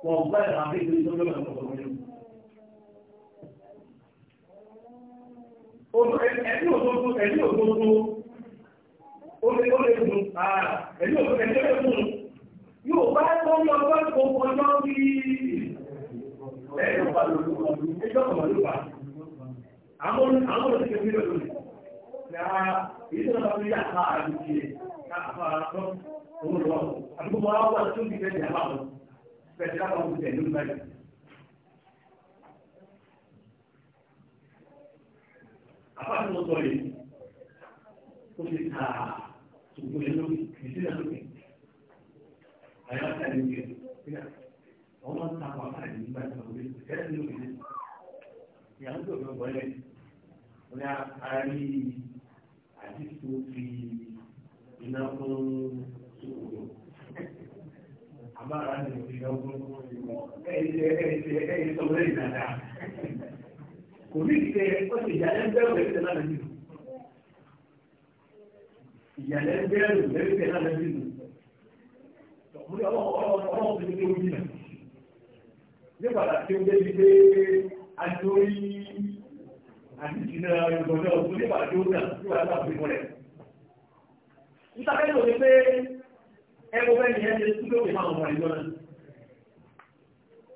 wọ́n bá ẹ̀ máa bí ìdílé lọ́wọ́ ọ̀pọ̀ ọ̀pọ̀ yìí. Ẹni òdodo ẹni òdodo ó lè ó lè dùn ẹni òdodo ẹni yóò bá tó ń lọ bá ọjọ́ bí ẹ̀rọ bá ẹjọ́ kọ̀mọ̀ ló bá. Àwọn àwọn olùsèké mi lọ lónìí. Ìyá ìṣẹ́ náà fi yà ká àdúgbò yẹ ká àfa àtọ́ òun lọ. Àdúgbò wa wà tó ti fẹ́ di àbáwọ̀ fẹsẹ̀ káwọn ọmọ tẹ̀lé ń báyìí. àpáàtì mo sọ yìí ó ti ta ṣùgbọ́n yẹn lókè ìdílé lókè àyà ọ̀tá yẹn lókè wọ́n máa ń ta àwọn àpáàtì yìí nígbà tí lókè ìdílé lókè ìyàwó tó lọ bọ́lẹ̀ wọ́n yà á rí àdìsí tó fi iná fún sókòrò àbára ní òfin ọgbọ́n ẹ̀yẹ ẹ̀yẹ ẹ̀yẹ sọ̀rọ̀ ẹ̀yẹ dáadáa kò ní ìṣe ó sì ìyàlẹ́ ń bẹ̀rù lẹ́yìn tẹ̀lá lẹ́yìn ìyàlẹ́ ń bẹ̀rù lẹ́yìn tẹ̀lá lẹ́yìn ọmọdé ọlọ́wọ́ ti ní orí náà nígbà tí ó débi pé adórí àtìjìnà ìgbọ̀nà òkú nígbà tí ó kà nígbà tí ó kà fún ìmọ̀lẹ̀ nígbà tí ó ní pé ẹgbẹ́ bẹ́ẹ̀ ni ẹni tí yóò fi hàn ọmọ ìjọ náà.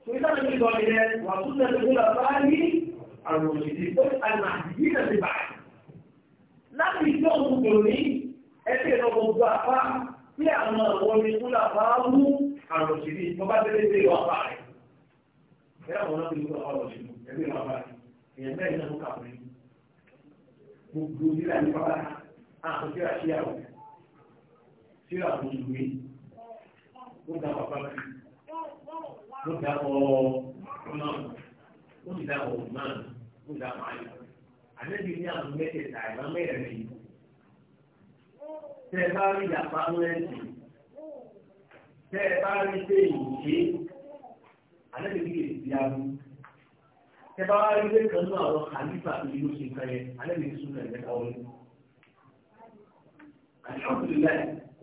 Sọ́jà mi sọ ni ẹ wà tún lẹ́nu tó lọ bá ní àrùn òṣìṣẹ́ tó ti àná yìí náà ti bà. Láti ìjọ òkùnkùn ní ẹgbẹ́ ìlọ gbogbo àpá tí àwọn àwọn orin tó lọ bá mú àrùn tó bá tẹ́lẹ̀ tẹ́lẹ̀ wà bá rẹ̀. Bẹ́ẹ̀ àwọn náà ti lọ bá ọ̀rọ̀ ṣùgbọ́n ẹgbẹ́ ìlọ bá rẹ̀ síra mùsùlùmí ó dá bàbá sí ó dá ọ̀nà ó sì dá ọ̀nà ó dá màálù àlejò ní àwọn mẹ́tẹ̀ẹ̀ta ìbá mẹ́rin yìí tẹ́ ẹ bá rí ìyàpá mẹ́rin tẹ́ ẹ bá rí pé ìyè àlejò ní èsì àbú tẹ́ bá rí pé kan náà àwọn kàlífà ìlú ṣe kan yẹn àlejò ní súnmọ́ ẹ̀mẹ́ta ọ̀rẹ́.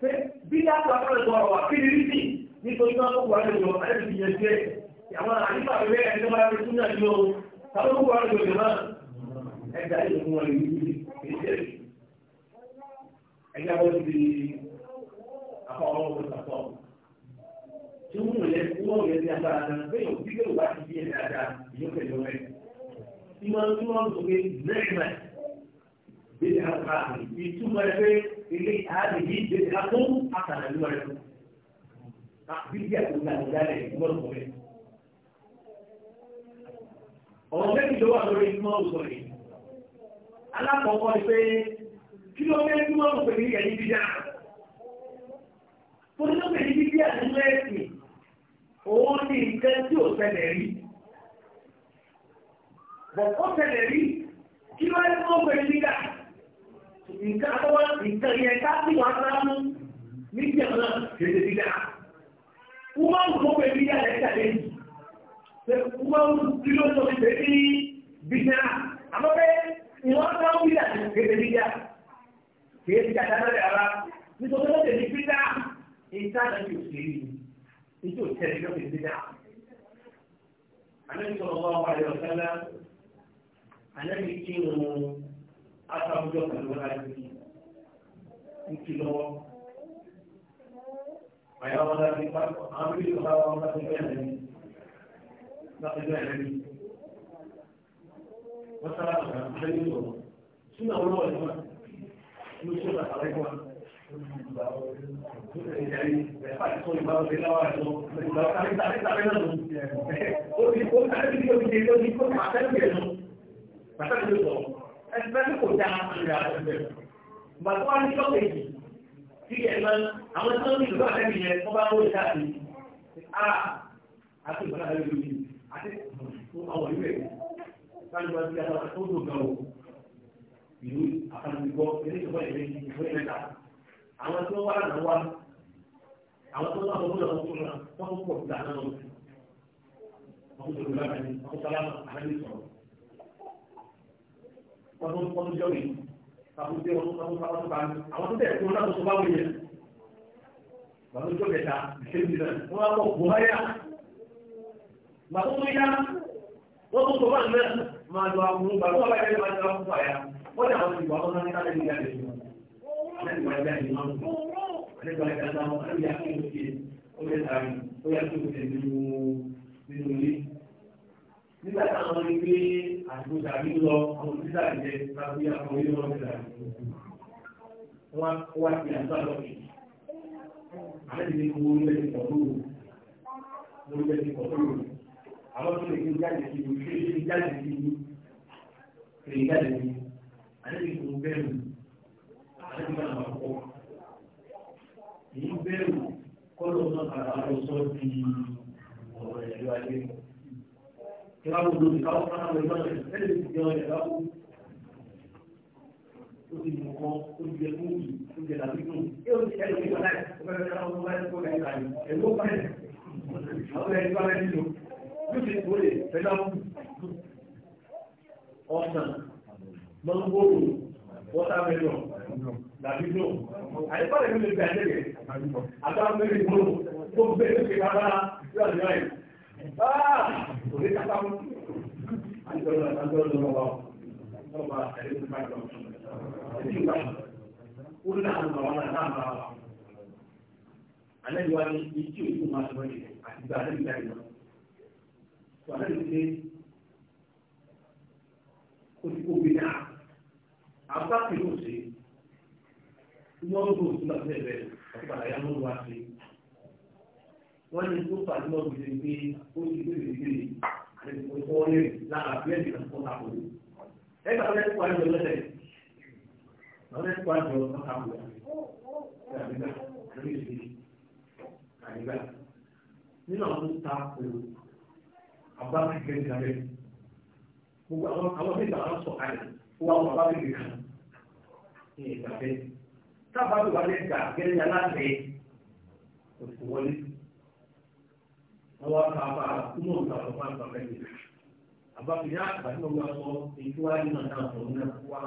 pé bí láti ọ̀pọ̀ ìgbọ̀ ọ̀wà kí ni rí sí nítorí náà ó wà lójó àti ìyẹn jẹ́ àwọn àyíká rẹ̀ ẹni máa rí fún náà yóò tàbí ó wà lójó jẹ́ náà ẹgbẹ́ àyè fún wọn lórí ìṣẹ́ ẹgbẹ́ wọn ti àpá ọmọ ọmọ ìṣàkọ́ tí wọ́n yẹ kí wọ́n yẹ ti agbára náà bẹ́ẹ̀ òbí yóò wá ti di ẹ̀ dáadáa ìyókè lọ́wọ́ ẹ̀ bíi àgbà ìtumọ̀ ẹgbẹ́ ilé ààrẹ yìí bíi àkún àtàlẹ́lú rẹ̀ bíi àkókò àtàlẹ́ ìgbọ́dọ̀ rẹ̀. ọ̀rọ̀ méjì ló wà lórí ìtumọ̀ òsọ̀ yìí. alákọ̀ọ́kọ́ ni pé kí ló fẹ́ túmọ̀ òsọ̀ yìí yẹn ní bíjà. fúnlọ́pẹ̀ ní bíjà nínú ẹ̀sìn òun ní nǹkan tí ò ṣẹlẹ̀ rí. bọ̀ ó ṣẹlẹ̀ rí kí ló ẹ̀ tó nǹkan tó wá nǹkan yẹn ká sí wàá sára mú ní ìjẹun náà kéde bí dáa. Wọ́n máa ń kó pé bí dáa lẹ́sẹ̀ lé yìí. Wọ́n máa ń kí ló sọ pé bí bí dáa. Àmọ́ pé ìwọ́n sára mú bí dáa kéde bí dáa. Kéde bí dáa dáná rẹ̀ ara. Nítorí wọ́n tẹ̀lé bí dáa. Ìta náà yóò ṣe é. Ìjọ tẹ̀lé náà kéde bí dáa. Àlẹ́ ìṣòro ọmọ wa yọ̀ aṣàmójọ pẹ̀lú wọn láti fi ń fi lọ́wọ́. Àyà wọn láti pa àwọn bí ìjọba wọn láti bẹ̀rẹ̀ ní láti bẹ̀rẹ̀ ní. Wọ́n sábà kàn án lé ní ìwọ̀n. Sínú àwọn ọ̀rọ̀ ìwọ̀n ló ṣe pàtàkì wọn. Ó ti kó sáré bí ó ti ṣe lórí kó pàtàkì ẹ̀ lọ. Pàtàkì ló sọ̀rọ̀ ẹgbẹ́ kò dá ìlà ẹgbẹ́. Bàbá wa ní sọ́kèjì tí ẹ máa àwọn tí wọ́n ní ìlú àtẹ́bí yẹn wọ́n bá wọ́n ṣáà sí. A àti ìgbàlá rẹ̀ lórí àti àwọn ìlú ẹ̀ káàdì wa ti yàtọ̀ àti tó dùn gan o. Ìlú àfàlùgbọ́ ilé ìjọba ìlú ìlú ìlẹ́ta. Àwọn tí wá náà wá àwọn tó láwọn olóòtú ọ̀hún fún wọ́n kò pọ̀ sí àná lọ. Wọ́n tó lọ lábẹ́ ní ọkọ̀ ọdún ọdún jọ rè kàbùté ọdún ọdún ọdún bá mi àwọn tó tẹ̀ fún ọdún tó bá wọlé yẹn bàbá tó kẹta ìṣèlú náà wọn á bọ̀ buhaya bàbá tó yá wọn tó tó bá náà máa lọ àwọn bàbá tó bá yẹ máa lọ àwọn buhaya wọn dà wọn ìwà wọn náà kálẹ̀ nígbà lẹ́yìn wọn àti ìwà ìgbà yìí máa ń bọ̀ àti ìwà ìgbà náà wọn á yà kí n ṣe ó yẹ sáré ó yà kí n ṣe nínú nínú ilé nígbà táwọn ní pé àgbòjà mi lọ àwọn títà ìjẹ tàbí àwọn ilé wọn nígbà wọn wá sí àgbà lọ sí àti ní owó ilé ti pọ̀ lóru owó ilé ti pọ̀ lóru àwọn tó lè ní jáde sí i ṣe é jáde sí i ṣe é jáde sí i àti ní kò bẹ́ẹ̀ àwọn àkọ́kọ́ èyí bẹ́ẹ̀ kọ́ ló ń sọ àgbà ọ̀rọ̀ ìlú ayé ìbáwò ló ti báwò náà lọ ìbáwò rẹ̀ ẹ̀rẹ́ ti jẹun ẹ̀ báwò. ó ti mú kọ́ ó ti jẹ kúrú ó jẹ làbí nù. ẹ ó ti ẹ̀rọ ìgbà láì ọ̀gá ẹ̀rọ ìgbà láì ọ̀gá ẹ̀rọ ìgbà láì ẹ̀rọ ìgbà láì ọ̀gá ẹ̀rọ ìgbà láì lò ló ti kó lè fẹ́ náà mú. ọ̀sán mọ́ngòrò wọ́tàmẹ́lọ̀ làbí nù. àyíkọ́ òní kápá mú àjọyọ̀ bá jọ ẹ̀rí tó bá jọ ó ní àwọn ọmọ náà náà máa wà. alẹ́ ìwà ni ìtí òkú máa sọ yìí àti gba alẹ́ ìgbà ìlọ. tó alẹ́ ìlú ṣe kó ti kó wọ́n ní tó fà nímọ̀ gbèsè pé ó ti gbé gbèsè àti ìfọ̀ ní lára bíẹ́ẹ̀dì kan fún àpò rẹ̀. ẹgbẹ́ àwọn ẹ̀kọ́ àjọ lọ́sẹ̀ àwọn ẹ̀kọ́ àjọ kan kà wọ́n àdìgbà àdìgbà àdìgbà nínú àwọn tó ta pẹ̀lú àbá kékeré kàrẹ́ gbogbo àwọn àwọn mẹ́ta àwọn sọ àyè fún àwọn àbá kékeré kan ní ìgbà fẹ́ wọ́n wá pa apá kúmọ̀ nípa ọ̀pá nípa pẹ́ẹ́lí. àbáfíà àbáfíà wọn sọ èyí wá nínú àtàwọn ọ̀hún náà wá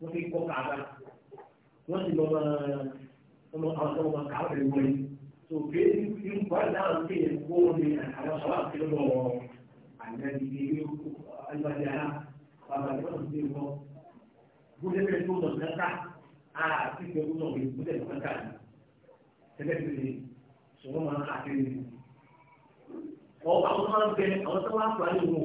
wọ́n fi kọ́ kàdá wọ́n sì lọ máa ọmọ àwọn ọmọ kàá rẹ̀ wọlé tó ké irú bá dáhùn sí kó wọn ní àwọn sọ́wọ́ àti lọ́wọ́ àyẹ̀dìdì alùpàdé ara bàbá ìwọ́n ti dé wọ́n gbọ́dọ̀ bẹ́ẹ̀ tó lọ nẹ́ta àti ìgbẹ́kú náà wọ́n gbọ́dọ̀ lọ nẹ́ta tẹ́lẹ̀ tẹ́lẹ̀ sọ̀rọ̀ máa káàkiri ọ̀ àwọn máa ń bẹ àwọn tó wá pàdé wọn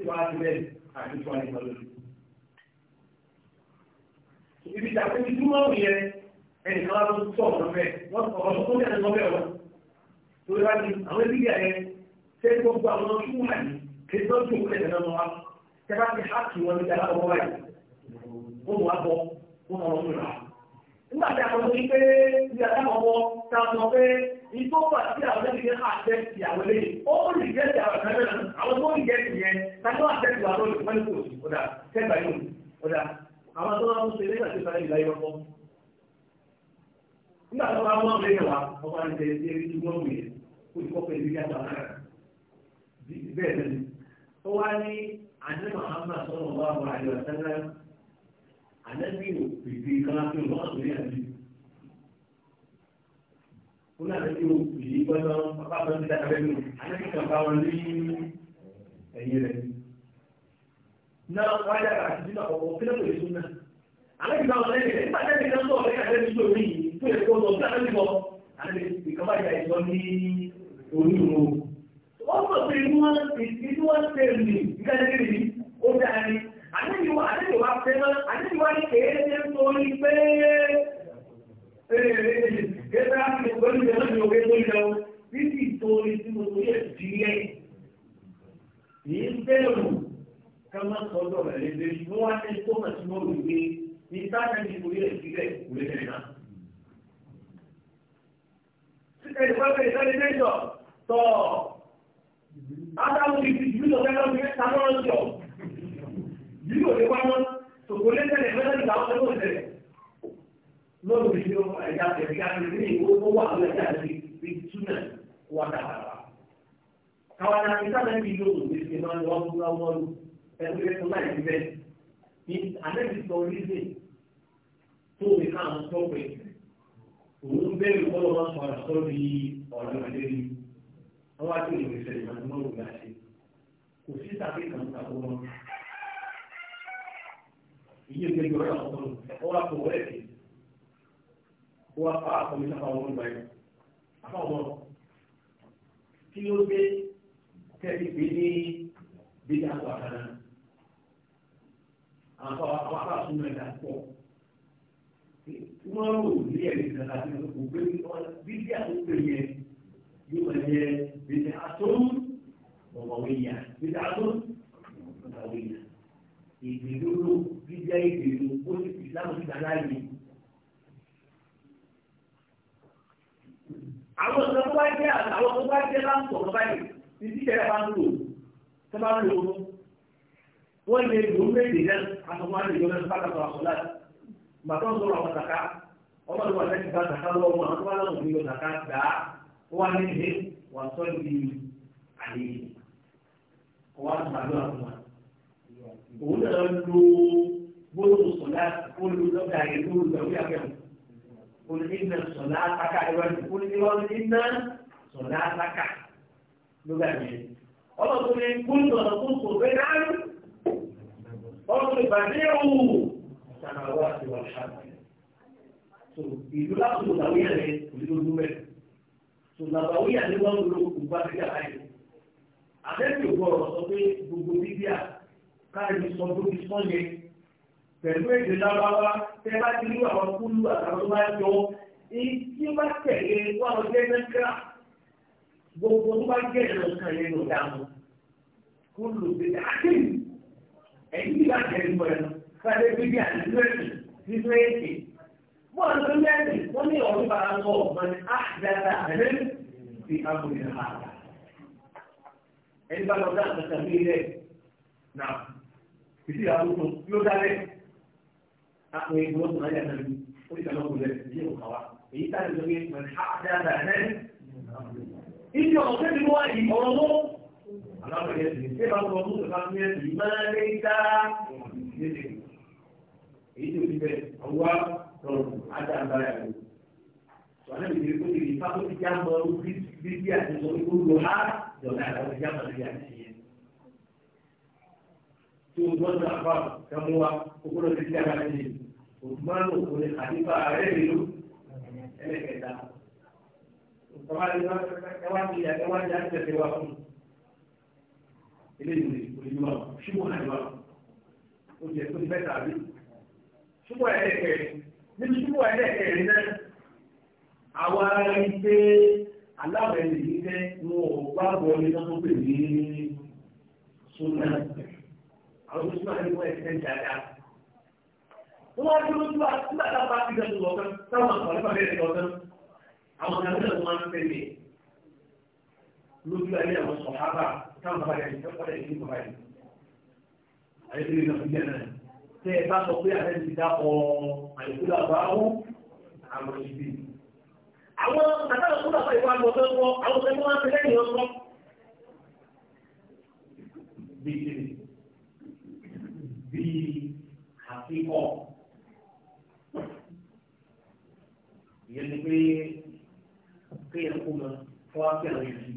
tí wàá ti bẹ́ẹ̀ àti tí wàá ti bọ́ lórí. Ibi ìjà pé ti túmọ̀ yẹn ẹnì kan ló tọ̀ ọ̀nà bẹ́ẹ̀ wọ́n ọ̀rọ̀ tó tẹ̀lé lọ́bẹ̀ wọn. Torí wá ní àwọn ibi ìyá yẹn ṣé gbogbo àwọn ọmọ wà ní kí ló tó kúrẹ̀ tẹ̀lé wá. Ṣé bá ti háàkì wọn ní ìjà lábọ̀ wáyé? Wọ́n mú wá bọ̀ wọ́n mọ̀ wọn nígbà tí a sọ fún pé ibi àtàwọn ọmọ ta sọ pé igbó wà sí àwọn ẹni yẹn máa ti àwọn eléyìí ó ó lè jẹ ti àwọn ẹgbẹ́ náà àwọn tó lè jẹ ti yẹn tàbí wọn àtẹ̀tù àwọn olùkọ́ ní kòtù ọ̀dà kẹgbà yóò ọ̀dà àwọn tó wọn ṣe nígbà tí ó sáré ìlàyé ọkọ nígbà tó wọn wọn lè wà ọkọ àti ṣe tí wọn wù yẹn kó ìkọ́ pé ibi yàtọ̀ ànábì ò pèsè kálákì ò lọ́wọ́ sórí àbí. ó ní ànábì ò pèsè gbọ́dọ̀ pápá bá ti dára lẹ́nu ànábì kan bá wọn ní ẹ̀yìn rẹ̀. náà wọ́n á yára àti sínú àkọ́kọ́ kí ló pèsè sún náà. ànábì bá wọn lẹ́yìn rẹ̀ nígbà tẹ́lẹ̀ náà sọ̀rọ̀ lẹ́yìn ànábì tó rí tó yẹ kó lọ sí ànábì lọ. ànábì ìkàwá ìyá ìsọ ní orí òun. wọ́n mọ̀ pé inú wọn ṣe rìn nígbà tẹ́lẹ̀ ó dáa ní àdéhùwà àdéhùwà fẹ́mọ́ àdéhùwà ní kéèrè ní nítorí pé kéèrè láti fazer gbọ́dọ̀ ìjọba ní òwe tó lọ títí torí tí mo tó yẹ di ẹ kì í bẹ̀rù ká má sọ ọdọ rẹ lédè mú wá sí tó mà sí fazer gbé ní sáà ní kò yẹ di ẹ kò lè tẹ̀lé náà. Síkẹ́ ìfọ́fẹ́ ìsáré mẹ́jọ tọ̀ Ádámù ìfìdí lọ fẹ́ lọ́wọ́ ìfẹ́ ta lọ́rọ̀ jọ. bí o lè wá mọ́ tòkó lẹ́sẹ̀lẹ̀ mẹ́tẹ́lì làwọn tó ń tẹ̀lé lọ́dún mi ló ẹ̀dá tẹ̀lé káfí ní ìwé owó wà lọ́wọ́ ẹ̀dá tẹ̀lé bí túnà wà dáadáa. káwọn ará mi sábà ń bí lóòrùn mi ti máa ń lọ wọ́n wọ́n lù ẹgbẹ́ tó láì fi bẹ́ẹ̀ ni àlẹ́bí sọ oríṣi tó mi káwọn tó pè òun bẹ́ẹ̀ lọ́wọ́ sọ̀rọ̀ sórí Ia dia juga orang pun orang pun boleh sih. Buat apa aku minta kau orang baik? Apa orang? Tiada be, tapi bini bini aku akan. Apa apa apa semua dah kau. Umaru dia di sana itu bukan orang bini aku punya. Juga dia bini atom, bawa wiyah, bini atom, bawa wiyah ìgbìlúrú jíjẹ́ ìgbìlú ó ní ìsìlámù ti dáná yìí. àwọn ọ̀sán tó bá jẹ́ àwọn tó bá jẹ́ láǹtọ̀ tó bá yìí ní tíṣẹ̀rẹ̀ bá ń lò tó bá ń lò ó. wọ́n lè lò ó méjì náà àtọ́kùn àti ìjọba ẹni pátá tó àkọlá màtọ́ ń sọ̀rọ̀ àwọn kàkà ọmọ ìwà àti ìgbà kàkà lọ́wọ́ wọn àti wọn láwọn òbí yọ kàkà gbà á wọn ní ìdí wọn sọ ìdí àlè wọn gbàdúrà fún wọn òun náà lo gbólóhùn sọ̀lá olú lọ́dà yẹn lóru lọ́wọ́ yàgbẹ́ o olú iná sọ̀lá àtàkà ẹ̀rọ olú iná sọ̀lá àtàkà lọ́dà yẹn ọlọ́dúnrún gbólóhùn ọ̀nà tó sọ pé náà ọlọ́dúnrún bàdé òwò sàmàwá àti wàhálà ìlú láti lò làwọn yẹn lè olú lọ́dún mẹ́rin sọ̀làbàwíyà ni wọ́n ń lo òkú bá ti dà láyé àbẹ́bí ògbọ́rọ̀ sọ pé gbogbo bíbíà káàdì sọ tó fi sọ yẹn pẹ̀lú èdè lábáwá tẹ bá ti rú àwọn kúlù àtàwọn tó bá jọ èyí tí ó bá tẹ̀lé wà lọ jẹ́ mẹ́kà gbogbo tó bá jẹ́ ìrọ̀kan yẹn ló dáhùn kúlù bèbè akéwì ẹ̀yìn tí bá tẹ̀lé mọ́ ẹ̀ káàdì bíbí àti dúrẹ́sì nínú èdè bọ́ọ̀lù tó lẹ́sì wọ́n ní ọ̀rọ̀ bá a sọ ọ̀gbọ́n àdáta ah, ẹ̀rẹ́ ti amúnilá ẹni náà ìdí àlùkò yóò dálẹ̀ àwọn èèyàn wọn sọ̀rọ̀ ayé àtàlù ó ti kàlọ́ kúlẹ̀ díẹ̀ kò kàwá èyí tá ìjọ pé mọ̀ ní àdáadáa ìdí ọ̀rọ̀ pé ti mú wá yìí ọ̀rọ̀ mú alábẹ̀rẹ̀ ẹ̀sìn ṣé bá wọn mú ìfà fún ẹ̀sìn máa lé dá èyí tó ti bẹ̀ ọwọ́ rọrùn àdáadáa ẹ̀ wọ́n lè fi kó lè fa kó ti já bí bí àti sọ pé kó lò á jọ̀dá àwọn ìjà mọ̀ tí o gbọ́dọ̀ àpá ẹmu wa o gbọ́dọ̀ ti tẹ́ ara ẹni òtúmọ́nù òní àdìbà ààrẹ ìlú ẹlẹ́kẹ̀dá ẹwádìí ẹwádìí àtẹ̀tẹ̀ wa fún eléyìí olùyọ ṣubú àdìbà o jẹ tó bẹ́ẹ̀ tàbí ṣubú ẹlẹ́kẹ̀ẹ́ níbi ṣubú ẹlẹ́kẹ̀ẹ́ náà àwa rí pé aláwọ̀ ẹni yìí fẹ́ mú ọ àwọn tó súnmọ́ àdéhùn ẹ̀sẹ̀ dáadáa. wọ́n wá dúró tó a nígbà tá bá ti dẹ̀tún lọ́kàn táwọn àgbà nípa bẹ́ẹ̀ lọ́kàn àwọn ọ̀nà àbúrò wọn ń tẹ̀lé lójú ayé àwọn sọ̀hábà táwọn bàbá yẹn tó kọ́lẹ̀ ìlú bàbá yẹn. àyè tó lè nà fún náà tẹ́ ẹ bá sọ pé àlẹ́ ti dá ọ àyèkúlà bá ó àwọn ìbí. àwọn àtàlẹ́ kúlà ìwà lọ́kàn bí àfikọ́. ìyẹn ni pé kéèyàn kó lọ fún akẹ́rọ̀ yìí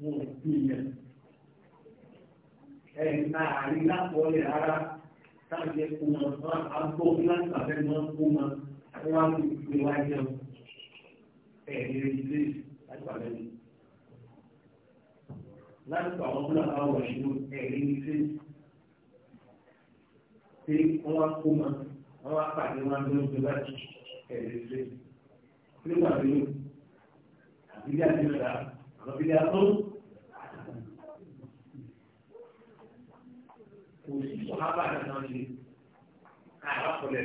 wọn ò gbé yẹn. ẹ̀yìn náà àárín lápọ̀ọ́lẹ̀ rárá táwọn yẹn kó lọ fún agbóhùn láti pàfẹ́ mọ́ kó lọ fún wọn kó gbé wá jẹun. ẹ̀yìn rẹ̀ ilé láti pàfẹ́ mọ́. láti pàwọn fúlàfà wọ̀nyí ẹ̀yìn ilé pé wọ́n kó mọ́ àwọn apàdé wọn ló ń gbé láti ẹ̀rẹ́ sílẹ̀ nígbà tí ó àbílẹ̀ àti ìlà àwọn abílẹ̀ àtọ́ kò sí sọ̀hábà náà ṣe àrà kọlẹ̀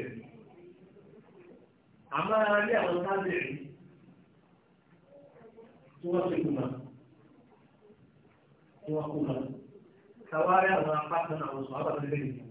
àmọ́ alẹ́ àwọn tábìlì tí wọ́n ṣe kùmà tí wọ́n kùmà kàwárí àwọn apá kan àwọn sọ̀hábà náà lẹ́yìn.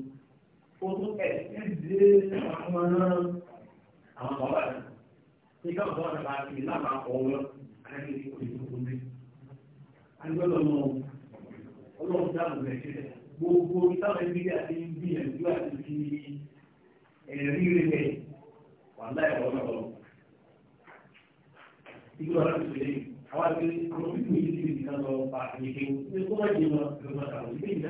ohun ẹ̀sìn dé àwọn àwọn bàbá rẹ̀. Nígbà tó wà nípa ti lábà ọ̀rọ̀ àti ìdókòwé. Àgbẹ̀lọ̀ náà ọlọ́run dáhùn rẹ̀ ṣe gbogbo táwọn ẹbí àti gbìyànjú àti fi ẹ̀rí rẹ̀ wà láì ọ̀rọ̀ lọ. Ìgbà tó ṣe àwọn àti àwọn fífi yìí ti di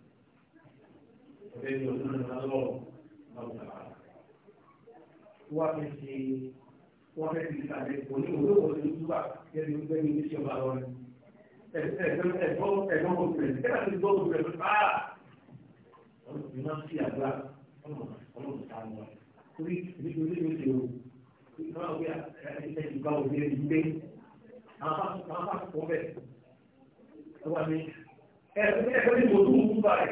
bẹ́ẹ̀ ló ń lọ lọ́wọ́ wá fi ṣe wọ́n fẹ́ fi ìtàgé kò ní òwe òwe ní túbà yẹ́bi ń gbẹ́ni ní ṣẹba lọ ni ẹ̀gbọ́n kò tẹ̀lé kí láti gbọ́ òwe rẹ̀ bá ọ̀nà sí àgbà ọlọ́run ta mọ́ orí ìdíje orí mi ti o ìgbà wọ́n yà ẹ̀ ìgbà òwe rẹ̀ gbé àwọn bá wọ́n bẹ̀ wọ́n ní ẹ̀ ẹ̀ ẹ̀ ẹ̀ ẹ̀ ẹ̀ ẹ̀ ẹ̀ ẹ̀ ẹ̀ ẹ̀ ẹ̀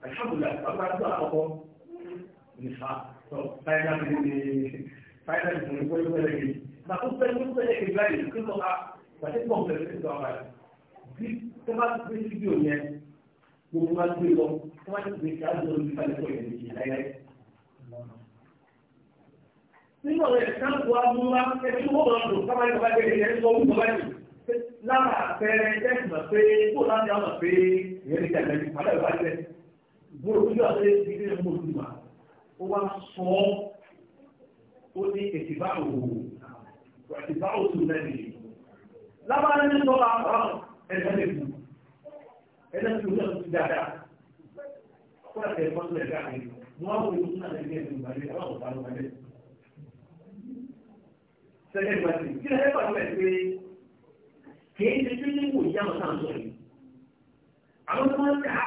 alhamdulilah lára àpẹẹrẹ ẹ̀sìn mọ̀ pé kó láti àwọn pé ìyẹn ti tẹ̀lé mo rò pé yóò ṣe ilé ẹ̀ mo lùmà ó wá sọ ó ní ètìbá òwò ètìbá òtù lẹ́nu lábára ní sọ́ra àwọn ẹ̀dá lè kú ẹ̀dá tó lọ́nà ti dáadáa kó àti ẹ̀kọ́ tó ẹ̀dá rẹ̀ wọ́n á wọ ìlú náà lẹ́yìn ẹ̀dùn ìgbàlẹ̀ àwọn ọ̀tá ló wọlé. sẹ́kẹ̀ ìgbàlẹ̀ kí lẹ́yìn pàtó ẹ̀ pé kì í ṣe tí ní wòye àwọn sáà ń sọ yìí àwọn tó máa ń kà á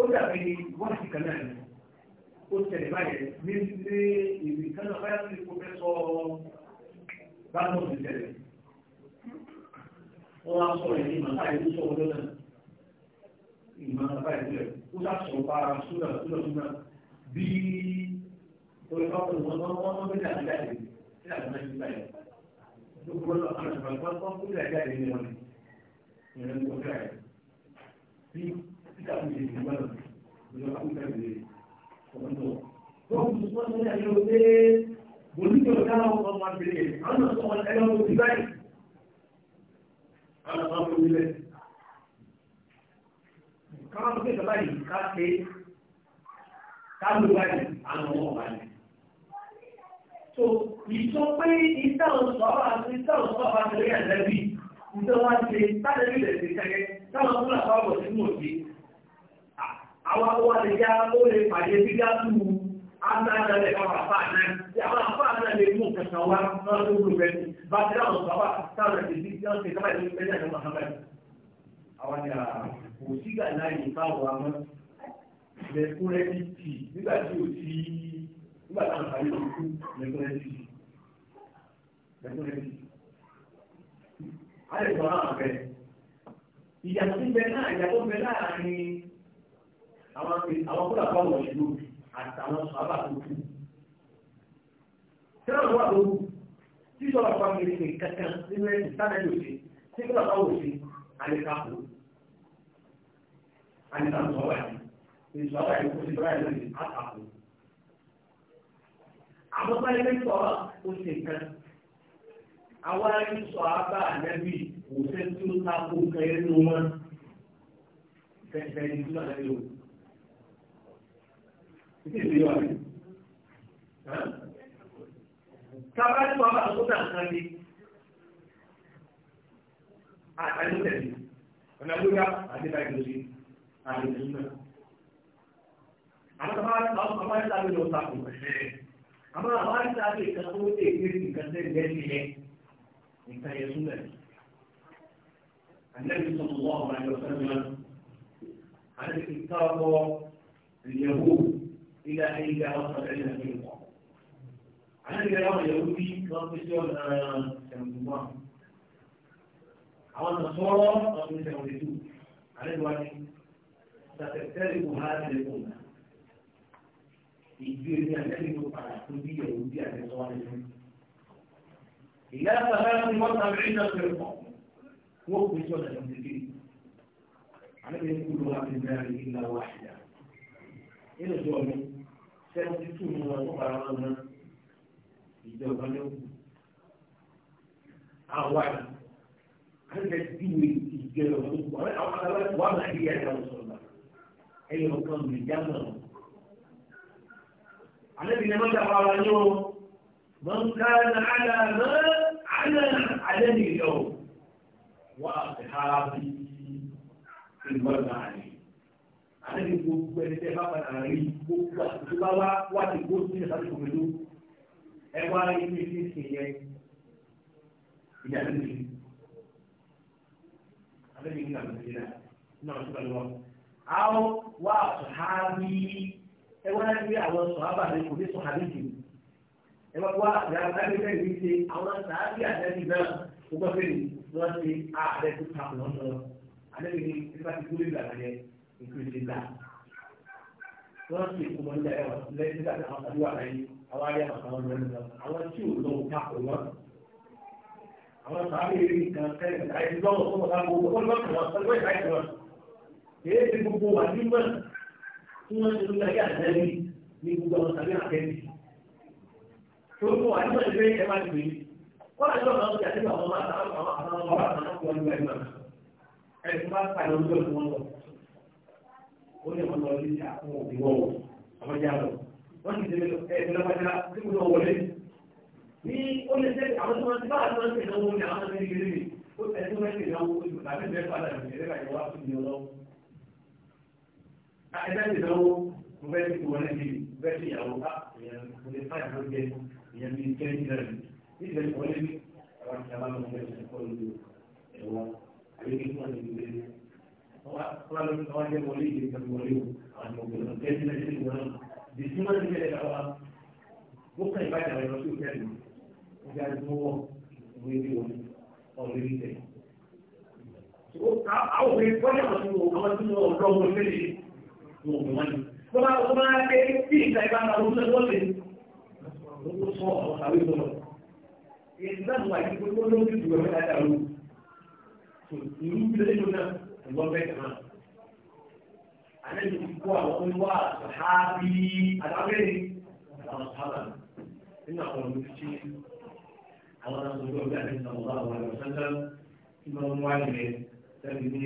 ó dàbí wáṣí kan náà ni ó tẹ̀lé báyìí ní ilé ìwé kan báyà sí kó fẹ́ sọ báwọn ti tẹ̀lé wọ́n wá sọ èyí màtá ìlú sọ ọdún náà ìmọ̀ ó sá sọ̀rọ̀ bá ara súnà bí orí ọkọ̀ wọn wọn wọn wọn gbé àgbà jáde sí àgbà náà nígbà yẹn ló gbọ́ lọ àwọn àgbà wọn jáde ní wọn ni ìrìn kafin pé ìta òṣùwà àti ìta òṣùwà àti ìrìn àjẹbí ìjọba ti tálẹ́bí lè ti kẹ́kẹ́ táwọn fúlàfà ọ̀bọ̀ sínú òsì àwọn àwọn àdìjá ó lè pàdé bíjá tù ánáàdà lè ká bàbá náà tí àwọn àbá náà lè mú kankan wá náà tó gbòòrò rẹ ní bá ti dáhùn bàbá táwọn àti bí wọ́n ti kábàá ìlú pẹ́lẹ́ àti Muhammad àwọn ni kò sí gà láàyè báwo a mọ́ lẹ́kúnrẹ́ ti tì nígbà tí ò sí nígbà táwọn àbá yóò kú lẹ́kúnrẹ́ ti tì lẹ́kúnrẹ́ ti tì. a lè sọ àwọn àbẹ ìyàtọ̀ bẹ náà ìyàtọ̀ bẹ náà ni àwọn kúrò àpáwọ̀ ìlú àtàwọn sábà tó kù. Tíra ló wà ló wù tí ìjọba àpáwọ̀ ìlú ní kankan nínú ẹ̀sìn sáré ló ṣe tí kúrò àpáwọ̀ ṣe àlèkà kù. Àlèkà kù sọ́wọ́ yìí. Èso àwọn ìlú kò sí bọ́lá ìlú ní àtàkù. Àwọn bá ilé sọ ó ṣe kan. Àwọn ẹni sọ abá àlẹ́bí kò fẹ́ tí ó ta kó kẹ́yẹ́ nínú wọn. Fẹ́fẹ́ ni ìjọba àlẹ́bí Kábàá tí wọ́n bá tó dà nǹkan ni, àtàlù tẹ̀lé, ọ̀nà lóyá àdébà ìlòsí, àdébà náà. Àwọn ọmọ ẹ̀ta ló lọ sàkó ẹ̀ṣẹ̀. Àwọn ọmọ ẹ̀ta ló ìkan tó lè gbé nǹkan tẹ́ ìgbẹ́ sí yẹn, nǹkan yẹn súnmọ̀. Àlẹ́ mi sọ̀rọ̀ wọ́n ọ̀rọ̀ àjọṣẹ́ mi lọ. إلى حين يتعرف العلم في الله عن أبي هريرة اليهودي رضي الله عنه الله عن النصارى رضي الله عنهم عن الوالد ستفترق هذه الأمة يجير من الذي على كل يهودي في الصالحين إلى ثلاث وسبعين فرقة وقت سنة المسلمين عن أن يكون في إلا واحدة nínú ìjọ mi seventy two ni wọn kó para wọn náà ìjọba ló kù àwa hundred bíi ìjọba ló kù àwọn àwọn aláwọ̀ wà máa rí ẹ̀ka ọ̀sọ̀rọ̀ ẹ̀yọ̀ kan lè já mọ̀ àlẹ́ mi ni wọ́n dàgbà wa ní o mọ̀n ká ní àlà mọ́ àlà àlẹ́ mi lọ wọ́n àti ha bí ìgbọ́n náà ni. àti gbogbo ẹni tẹ bá padà rí gbogbo àti bá wá wá ti gbó sí ìsàlẹ̀ òmìnirú ẹ wá rí ní ti sìn yẹn ìyàtọ̀ nìyí alẹ́ mi ní àwọn ìdílé náà náà tó bá lọ. àwọn wá sọ̀hábí ẹ wá rí àwọn sọ̀hábà rẹ kò ní sọ̀hábí jù ẹ wá wá ìyàtọ̀ rẹ ní ṣe àwọn sàábì àtẹ́bí náà gbogbo ẹgbẹ́ ni wọ́n ṣe ààrẹ tó ta ọ̀nà lọ alẹ́ mi ní ìfẹ́ bá ti kúrò ìlànà yẹn. including that. wọ́n ti kú mọ́ nígbà ẹ̀wọ̀n lẹ́yìn nígbà tí àwọn àdúrà rẹ̀ yìí àwọn ayé àwọn ọmọ rẹ̀ lọ àwọn tí ò lọ òkú àpò wọn. àwọn sàárè rí nǹkan fẹ́rẹ̀ ọrụ lọ́wọ́ ọrụ ọ̀gá ọrụ ó ọrụ kàn ó lè mọ́ lọ sí àwọn òbí wọn o lọ wọ́n ti tẹ̀lé ẹ̀sìn lọ́pàá tí mo lọ wọlé ní ó lè tẹ̀lé àwọn tí wọ́n ti bá àwọn tí wọ́n ti náwó ní àwọn tí wọ́n ti ó ẹni wọ́n ti náwó ìgbà tí bẹ́ẹ̀ padà ní ẹ̀rẹ́ àyẹ̀wò á fún mi lọ. ẹ̀dá ti náwó mo fẹ́ ti wọlé bí bẹ́ẹ̀ ti yàwó á ìyẹn mo lè fáyà ló jẹ ìyẹn mi kẹ́ ní ìrẹ̀lẹ̀ ní ìrẹ̀lẹ̀ wọlé bí àwọn ìjàmbá mi fẹ́ ti kọ́ lójú ẹ̀wọ̀n àbí kí wọ́n ti kalau kawan dia boleh dia tak boleh orang mobil dia tidak jadi orang di semua dia ada awak bukan ibadah yang Rasul kan dia semua video oleh dia so kau awak kau yang Rasul awak tu orang mobil ni tu mana Kuma kuma ke ti sai ba na rusa dole. Ko so ko sabi dole. Idan wa ki ko dole ki duwa da ru. To, ni bi da dole ẹ̀gbọ́n bẹ́ẹ̀ kan. Àlejò ti kó àwọn tó ń wá àbí àwọn sábà nínú àwọn ọmọ tí àwọn ọmọ tó gbé àti ìsàmù bá wà lọ sẹ́ńtẹ́ tí wọ́n wá ilẹ̀ sẹ́ni ní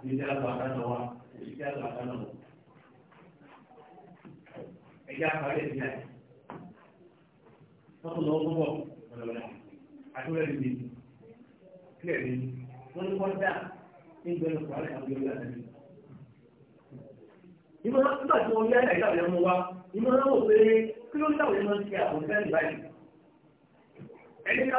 ìdílé àgbà àkànà wa ìdílé àgbà àkànà wa. Ẹ̀yà àkàrẹ̀ ìdílé àyè. Wọ́n tún lọ gbọ́ ọ̀rọ̀ rẹ̀ àti wọ́n rẹ̀ lè kílẹ̀ lé. Wọ́n ní wọ́n dáa. nígbẹ̀rẹ̀ kùránì àti orí àtàlẹ́. Ìmọ̀ nígbà tí wọ́n yá ẹ̀ka ìyá mọ́ wa, ìmọ̀ náà wò pé kí ló dáwọ̀ ìmọ̀ ti àwọn fẹ́ẹ̀ báyìí. Ẹni ká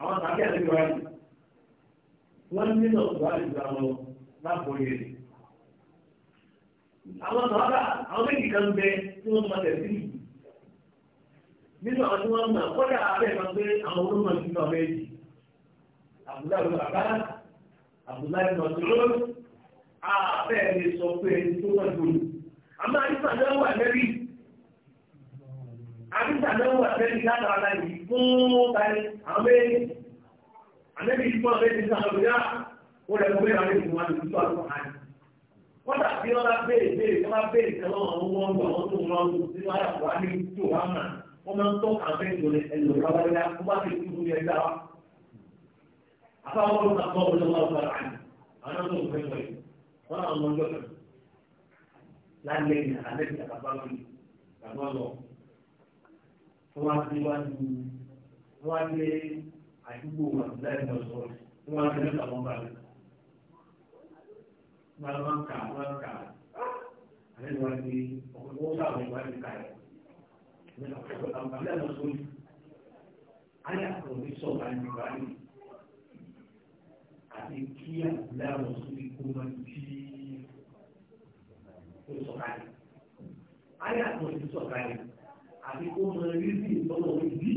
àwọn tàbí àlejò ayé wọ́n nílò ìwà ìgbà wọn láàbò yẹn. àwọn sọ̀rọ̀ àwọn méjì kan bẹ tí wọ́n máa tẹ̀sí yìí nínú àwọn tí wọ́n mọ̀ kọ́dà abẹ́ kan pé àwọn olóńgbò ti lọ méjì àbúláwò bàbá àbúláwò nọ̀dúró abẹ́ lè sọ pé ẹni tó wọ́n dùn. àmọ́ àdìsàn náà wà lẹ́rìí àdìsàn náà wà lẹ́rìí látara láyìí fún tani àwọn méjì àlẹ́bí ìfún àwọn méjì sáà lóyá ó lẹ́ gbé àwọn méjì wọn àti ìfún àwọn àti wọ́n tàbí ọlá béèrè béèrè tó bá béèrè tẹ́lọ̀ àwọn wọn gbà wọ́n tó wọn lọ sí wàhálà wà ní tó wà mà wọ́n máa ń tọ́ àwọn méjì lọ ẹlò lọ́wọ́lá kó bá ti kú ní ẹgbẹ́ wa. àfáwọn ọlọ́run àbọ̀ ọlọ́wọ́ ọ̀gbà àná àwọn ọ̀gbọ̀n fẹ́ wọ́n àwọn ọmọ ọjọ́ kan lálẹ́ ìlànà àlẹ́ ìlànà bá wọn lọ wọ́n wá síwájú wọ́n á lé àdúgbò wọn láì lọ sọ wọ́n á lé lọ́sà wọn bá lọ. wọ́n á máa ń kà wọ́n á ń kà àlẹ́ ni wọ́n á lé ọkùnrin wọ́n sábà wọ́n á lè kà ẹ̀. àlẹ́ lọ sọ sọ̀rọ̀ àyè wá ní àti kí àgbẹ̀ àwọn sórí kó máa ti sọ̀rọ̀ àyè. ayé àkọ̀wé sọ̀rọ̀ àyè àti kó máa rí sí ìtọ́lọ̀ orí bíi.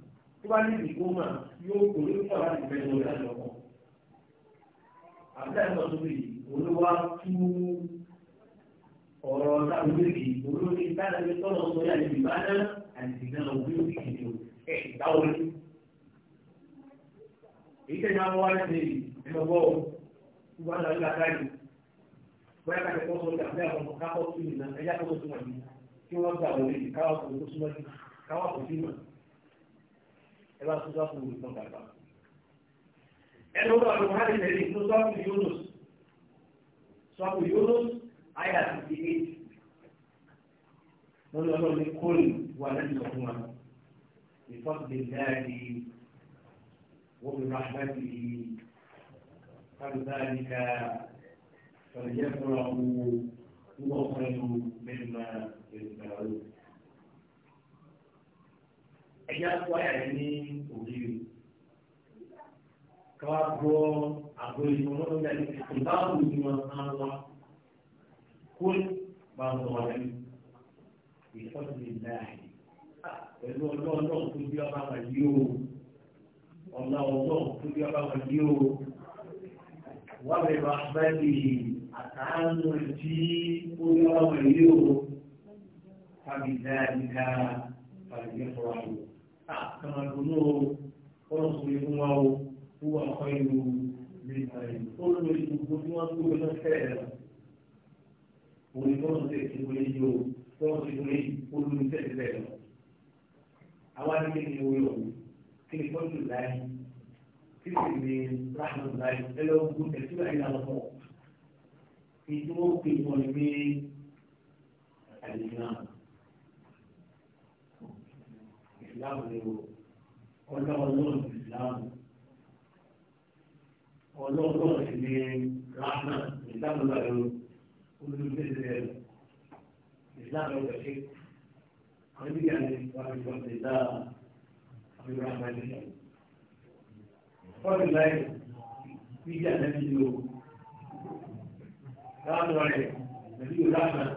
tó bá ìdìbò mà yóò kó ló sábà ti fẹ́ lọ láti ọkọ̀ àbúrò àìsàn tó bì olówó tú ọ̀rọ̀ sábúgbèkì olórí sábàbí tọ́lọ̀ sọ yà níbi bá náà àti náà olórí kìíní o ẹ̀ dáwọlé èyí tẹ̀ ní àwọn wáyé ní ẹ̀mọ́gbọ́ o tó bá ń lọ sí àkáyé bóyá ká ti kọ́ sọ́jà bí kọ́ sí ìlànà ẹ̀yà kọ́ sọ́jà bí kí wọ́n gbà wọlé káwá kò tó súnmọ́ káwá kò sí náà ẹ bá tún sọ́kùn òwúrọ̀ fún bàbá. ẹnu bá lọ wá nílẹ̀ ní fún sọ́kùn yónus sọ́kùn yónus ayé àti ti é lórí ọlọ́run ní kóòlù wà lẹ́nu ọ̀fun wa ìfọ́sùn ìdáàdì wọ́n mi máa bá ti فلذلك فليفرحوا هو خير مما يجمعون ẹ̀yà wáyà yìí ní ògiri ká gbọ́ àgbo ìṣòro lọ́dọ̀ ní àti ìbáwò ni wọ́n á wá kó bá ń wọ̀ ẹ́ ìfọ́sí láàyè pẹ̀lú ọlọ́ọ̀lọ́ tó bí ọba wà yí o ọlọ́ọ̀lọ́ tó bí ọba wà yí o wà bẹ̀rẹ̀ wà bẹ́ẹ̀lì àtàánú tí ó bí ọba wà yí o tàbí dáadáa tàbí ẹ̀fọ́ àwọn àkàrà lónú o ọ̀rọ̀ sórí fún wa o ó wà kọ́ inú nípa ìlú ó lórí gbogbo tí wọ́n gbé lọ sẹ́ẹ̀ rẹ̀ òun ni wọ́n ti ti wọlé yìí o wọ́n ti wọlé olórí sẹ́ẹ̀ rẹ̀ lọ. àwa ní kí ni o yọ kí ni pọ́ńtù láyé kí sì ni ráhùn láyé ẹ lọ gbogbo tẹ̀sí láyé lálọ́ pọ̀ ìdúró pé wọ́n ní àlè náà. ìsìláàmù ni o ọlọ́ ọlọ́run ti ìsìláàmù ọlọ́run sì ni rahman ìsìláàmù náà ló olùdíje ìsìláàmù ọ̀gá ṣe àwọn ibi àti ìsìláàmù ìjọba ti dá àwọn ìwà àgbáyé fọ́ọ̀lù láì ibi àti ìdílé o rahman rẹ̀ pẹ̀lú rahman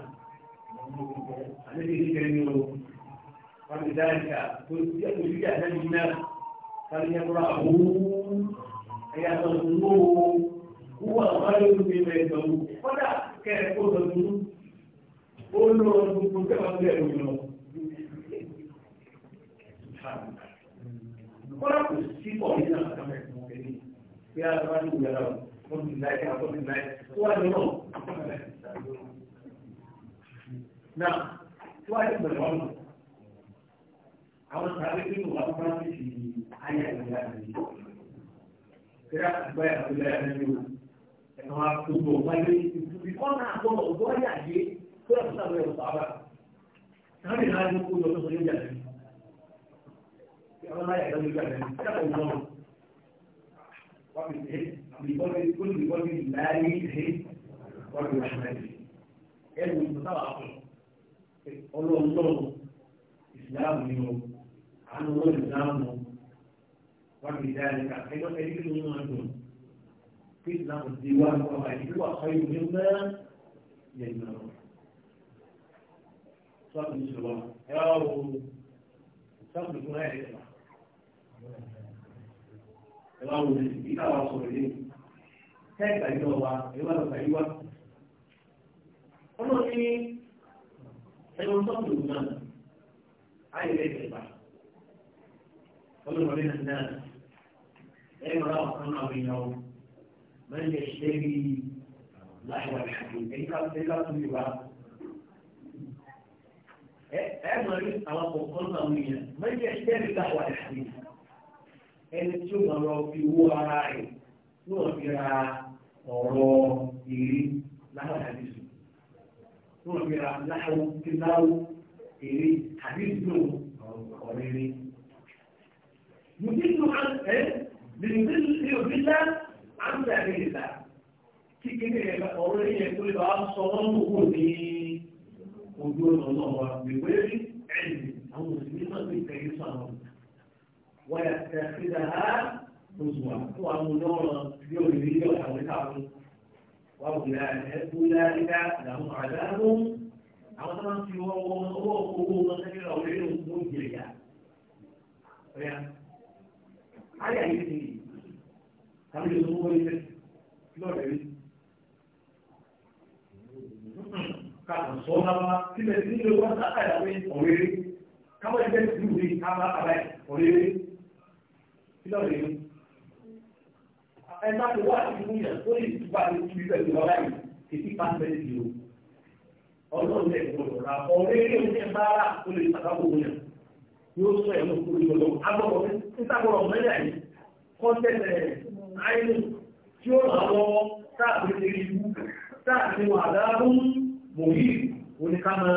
àti ìdílé o. فلذلك تريد أهل الناس فليقرأه يظنه هو خير مما يظنه ولا كيف يظنه قل له ربكم كما تقولون Kọ́lá kò sí pọ̀ ní náà kàmẹ́ ìfọ̀kẹ́ ní. Bí a bá ní ìyára o, wọ́n ti láì kí a tó ti láì. Tó wá ní náà. Náà, tó wá ní ìgbẹ̀rẹ̀ wọn àwọn sàbí tí mo wà bá ti fi ayé àgbẹ̀lá mi. Kíra àgbẹ̀ àgbẹ̀lá mi o, ẹ̀ka wa tó bọ̀ wáyé ìtúbi ọ̀nà àgbọ̀n ọ̀gbọ́n ayé àyè tó yà àgbẹ̀ ọ̀sán àbá. Sáàmì náà ló kó lọ tó sọ yóò jà lẹ́yìn. Àwọn ayé àgbẹ̀ ló jà kò mọ̀ wọ́n fi ṣe ẹ̀rù ìtọ́sáwà fún ọlọ́ọ̀lọ́ọ̀ ìsìláàmù ni àwọn ọmọ ìsìláàmù wọn fi dá ẹ̀ka ẹjọ́ ẹni kí ìsìláàmù ti wá ní ọba ìlú ọ̀sán yìí ní mẹ́ yẹn nà ó. sọ́ọ̀tù ní ṣùgbọ́n ẹ wá wo sọ́ọ̀tù fún ẹ̀ ẹ̀ka ẹ wá wo ìdíkà wa sọ̀rọ̀ yìí kẹ́ẹ̀ka yìí ọba ẹ wá lọ́ka yìí wá. ọlọ́ọ̀ni ẹ̀rọ sọ́ọ̀tù náà á yẹ قل ومن الناس امرأة عظيمة من يشتري لحم الحديد كيف كيف تجيبها؟ أمر على قول ضمنية من يشتري لحم الحديد ẹni tí ó máa lọ fi wó ara rẹ̀ yóò fi ra ọ̀rọ̀ ìrí láwọn àdìsù yóò fi ra láwọn ìláwó ìrí àdìsù ọ̀rẹ́rẹ́. يضل عن ليضل يضل عن سبيل الله kí kíní ẹ̀ ọ̀rọ̀ yẹn tó lè bá sọ wọ́n mú kó ní ojú ọ̀nà náà wà gbẹ̀gbẹ́ rí ẹ̀yìn àwọn òṣèlú náà ti tẹ̀lé sọ̀rọ̀ wáyà tẹ̀síta á oṣù wa kó àwọn ọ̀nà bí ó lè rí ọ̀tàwé káwọn wà wù láàyè ẹ̀kú láàyè ká làwọn àdáhùn àwọn tó ń fi wọ́n wọ́n owó owó wọn sẹ́kẹ̀rẹ̀ ọ̀rẹ́ yóò mú ìjẹ̀yà ayé àyè ti yìí tàbí lè sọ wọlé lọ́rẹ̀ rí. Kàtà sọ náà sílẹ̀ sí ilé wọn sáà ìyàwó ọ̀rẹ́ Káwọn ẹgbẹ́ ti dùn ní káwọn àbáyé ọ̀rẹ́ rí. Lọ́rẹ̀ rí. Ẹgbẹ́ ti wá sí ìlú tó lè túbà ní ibi pẹ̀lú ọ̀la yìí kìí pa pẹ̀lú ìlú. Ọlọ́run ẹ̀ gbọ́dọ̀ ra ọ̀rẹ́ oúnjẹ bá rà ó lè pàtàkó wọn yóò sọ ẹ̀mú kúrò ìjọba agbọ̀bọ̀ nígbàgbọ̀rọ̀ mẹ́lẹ̀ yìí kọ́ńtẹ́tẹ̀ àìlú tí ó rà lọ́wọ́ káàkiri ìlú káàkiri wà dáadọ́mú mòyí oníkàmọ́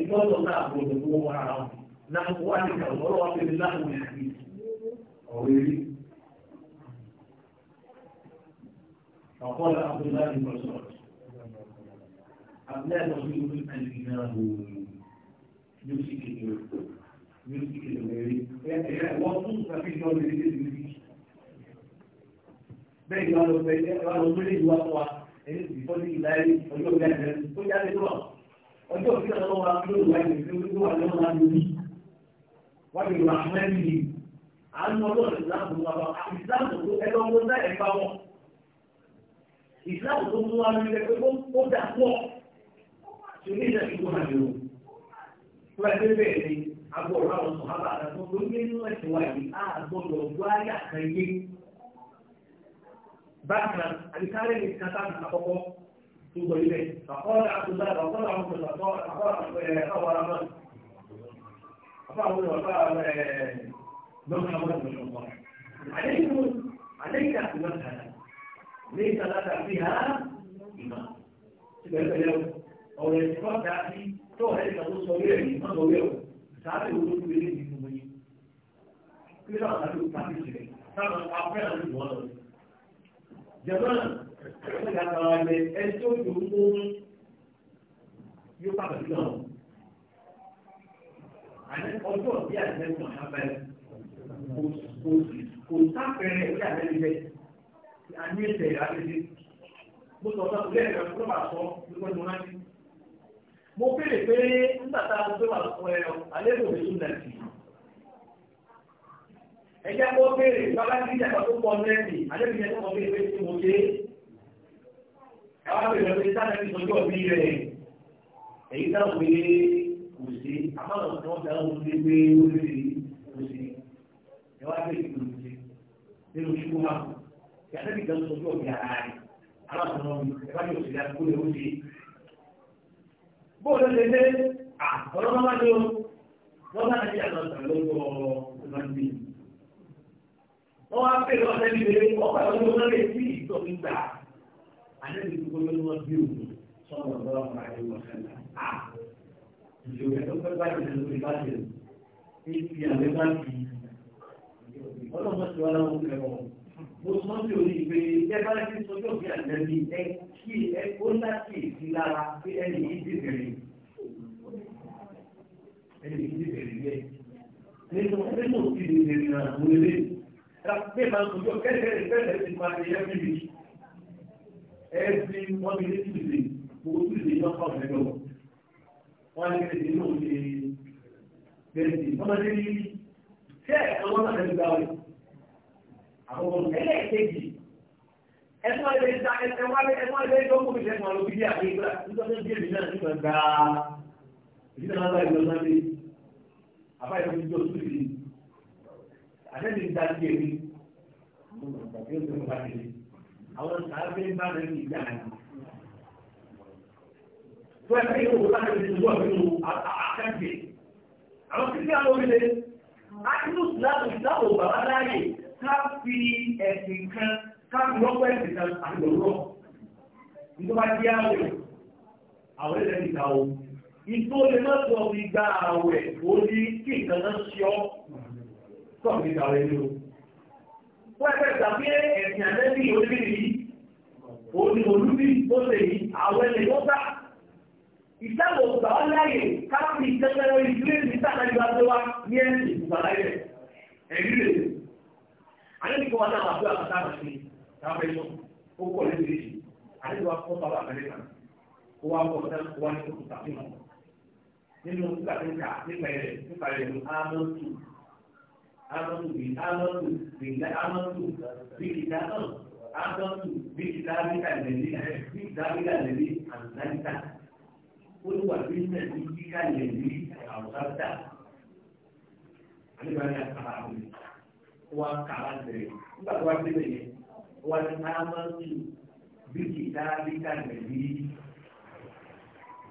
ìtọ́jọ́ káàkiri òdòdó wọn ara wọn náà wà ní ìkàwọ́ wọn fi ní láàrín ìrìn ọ̀rẹ́rí. فقال عبد music in the way. Wọ́n tún ṣàfihàn ọdún ilé ìlú music. Bẹ́ẹ̀ ni wọ́n lọ bẹ wọ́n lọ gbélé ìlú wọn wa ẹni tí bọ́ ní ìlàyé ọjọ́ ìgbà ìrẹ́ tó jáde lọ. Ọjọ́ ìgbà ìrẹ́ wọn wá ló wà ní ìlú tó wà lọ́wọ́ náà lórí. Wọ́n ti wà fún ẹni yìí. À ń lọ lọ́rọ̀ ìsìláàmù wa wa. Ìsìláàmù tó ẹ lọ́wọ́ náà ẹ̀ bá wọn. Ìsìláàmù tó mú wa lórí ẹ pé ó dà agbọ̀rọ̀ àwọn sọ̀hábà àtàkùn tó gbé nínú ẹ̀sìn wa yìí á gbọ́dọ̀ wá yà kan Bákan àbíkárẹ́ ní kátà àkọ́kọ́ tó gbọ́ ilẹ̀. Àkọ́lá àtúndà àkọ́lá àwọn ọmọ ìṣàkọ́ àkọ́lá àwọn ọmọ Àfọ́ àwọn ọ̀pá lọ́kàn àwọn ọmọ ìṣọ̀kọ́. Àlékún àlékún àti wọn kàdà. Ní ìsàlátà fi há ìmọ̀. Ṣé bẹ̀rẹ̀ bẹ̀rẹ̀ ọ̀rọ̀ ẹ̀sìn kọ́ta sí tó ọ̀rẹ́ ìṣàkóso orí ẹ̀yìn mọ́ sáré owó tó lé nínú wọn yìí kí ló àtàlù pàtó ìṣẹ̀lẹ̀ sábà afẹ́ àti ìwọ́n lọ. jẹ̀mọ́n ẹ̀ka kan alẹ́ ẹni tó tó ń mú yóò pàtàkì náà. àní ọjọ́ bí àtẹ́sí ọ̀hábẹ́ kò sáfẹ́rẹ́ bí àtẹ́sí bẹ́ẹ̀ àní ẹ̀sẹ̀ àtẹ́sí. mo sọ fún ọ lẹ́yìn ẹ̀ka tó bá sọ nípa mo béèrè pé nígbà tá a gbé wà fún ẹ àlébò mi tún nàìjí ẹ jẹ́ kó béèrè bàbá tí ìjàpá tó pọ̀ nẹ́ẹ̀sì àlébò yẹn tó pọ̀ béèrè pé tí mo ṣe ẹ wá béèrè pé sáà ti sọjọ́ bí rẹ̀ èyí náà pé kò sí àmàlà tí wọ́n dáná ló dé pé ó lè kò sí ẹ wá béèrè pé kò sí nínú ṣubú máa kò sí àlébò yẹn tó sọjọ́ bí ara rẹ̀ aláàbò náà ẹ bá yóò bóòlù ṣe dé àtọ́rọ́ máa jó lọ́gbà àti àtọ̀tà ló ń bọ̀ ọ̀gbọ̀nbí. wọ́n wá pè lọ́wọ́ sẹ́ni pé ọkọ̀ ìwé wọn lè fi ìtọ́ gbígbà àdéhùn ìdúgbò ló ní wọ́n bí òun sọ̀rọ̀ lọ́wọ́ fún àyè wọn sẹ́la. ìṣòro ẹ̀tọ́ pẹ́ bá ìṣẹ̀lẹ̀ lórí bá ṣe é fi àwẹ́ bá fi ọlọ́mọ mo sọ ní orí ìwé ẹgbẹ́ tí sọjọ́ bí àjẹbí ẹ kí ẹ kó láti ìdí lára pé ẹnì yìí ti bẹ̀rẹ̀ ẹnì yìí ti bẹ̀rẹ̀ yẹ nínú nínú ti di bẹ̀rẹ̀ náà mo lè ẹgbẹ́ máa sọjọ́ kẹ́kẹ́ ìfẹ́lẹ̀ ti máa ṣe ẹbí mi ẹbí wọn mi lè tù lè mo tù lè yọ ọkọ mi lọ wọn lè tẹ̀lé náà ṣe bẹ́ẹ̀ sí ọmọdé yìí ṣé ẹ̀ka àwọn ẹlẹ́ẹ̀kejì ẹ̀fọ́ ẹ̀lẹ́ ìta ẹ̀wọ́ ẹ̀fọ́ ẹ̀lẹ́ ìjọ kò fi ṣẹ̀fọ́ lóbi bí àti ìgbà nítorí bí èmi náà nígbà gbà á èmi náà bá ìlú ọ̀nà mi àbá ìlú ìjọ tó lè àtẹ́ni ìta sí èmi àti ìjọ tó bá lè àwọn àgbẹ̀ bá lè ní ìgbà náà. tó ẹ̀ka yìí wò láti lè wọ́n mi lò àkàǹtì àwọn kíkẹ́ àwọn obìnrin àti ìlú ìsìláàmù ìsìláàmù bàbá láàyè ká fi ẹ̀sìn kan ká fi rọ́pò ẹ̀sìn kan àlọ́rọ̀ nítorí bá jẹ́ àwẹ̀ àwẹ̀ lẹ́nu ìta o ìtò lè má sọ fi gba àwẹ̀ ó ní kí nǹkan náà ṣe ọ́ sọ̀rọ̀ ìta rẹ̀ ni o. wọ́n ẹgbẹ́ ẹ̀sìn àtẹ́sí oníbìrì yìí òní olúbí tó lè yí àwẹ̀ lè wọ́n bá ìsáwò gbà ọ́ láyè káàpì ìtẹ́tẹ́rẹ́ ìdílé ìtàkàlì bá ní ẹ̀sìn ìgbàláyè ẹ̀rí rèé àlejò kí wọn náà wà bí àkàtà àti ní káfẹ́ inú ó kọ̀ lẹ́nu èyí àlejò wa kọ́ sábà àbẹ̀lẹ̀ kan ó wá kọ́ sẹ́nu ó wá ní kókò tàbí mọ́ nínú nígbà tó ń kà nípa ẹ̀rẹ̀ nípa ẹ̀rẹ̀ ní amọ́tù amọ́tù bí amọ́tù bí ilẹ̀ amọ́tù bí ìdá náà amọ́tù bí ìdá bíkà lẹ́lí bí ìdá bíkà lẹ́lí àlùdáríkà ó ní wà bí ìdá bíkà lẹ́lí àlùdáríkà àlejò wa ní àkàtà àbẹ̀lẹ̀ wá kàrà bẹ̀rẹ̀ nígbà tó wá débẹ̀ yẹn wá ní ámánsì bí kìtá bí ká nàbí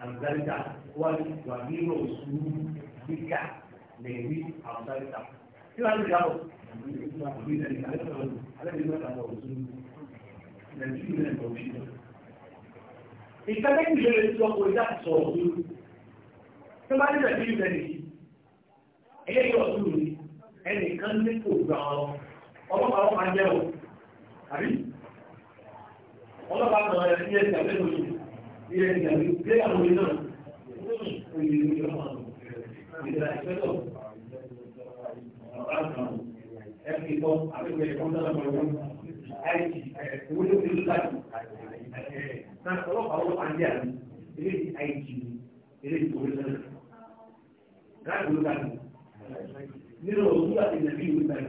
àgbàlítà wá ní wà ní rọ̀ṣù bí ká nàbí àgbàlítà. kí wàá ní ìyàwó àbí nàbí alẹ́ bí wọ́n ta wọ̀ ọ̀ṣù nàbí ìlẹ̀ ọ̀ṣù. ìkàtẹ́kùn ìṣẹ̀lẹ̀ ìṣọ́kọ̀ ìjà sọ̀rọ̀ tó tó bá ní nàbí ìlẹ̀ ẹ̀yẹ́ yọ̀ ọ̀ṣù rẹ̀ ẹnìkan ní kò gbà ọ ọlọ́pàá ọmọ ajẹ́ o àbí ọlọ́pàá kan ẹ̀ ní ẹ̀sìn àbẹ́lò yìí ilé ẹ̀sìn àbí ilé àwọn ilé náà oyè ìlú ọmọ ìlú àìsẹ́lọ̀ ọ̀pá kan ẹ̀kí kọ́ àbẹ́gbẹ̀ ẹ̀kọ́ náà lọ́wọ́ àìsí ẹ̀wọ́n ló ti láti náà ọlọ́pàá ọmọ ajẹ́ àbí ilé àìsí ilé ìtòwé náà láti ló láti nínú òwú àti ìdàbí ìwé náà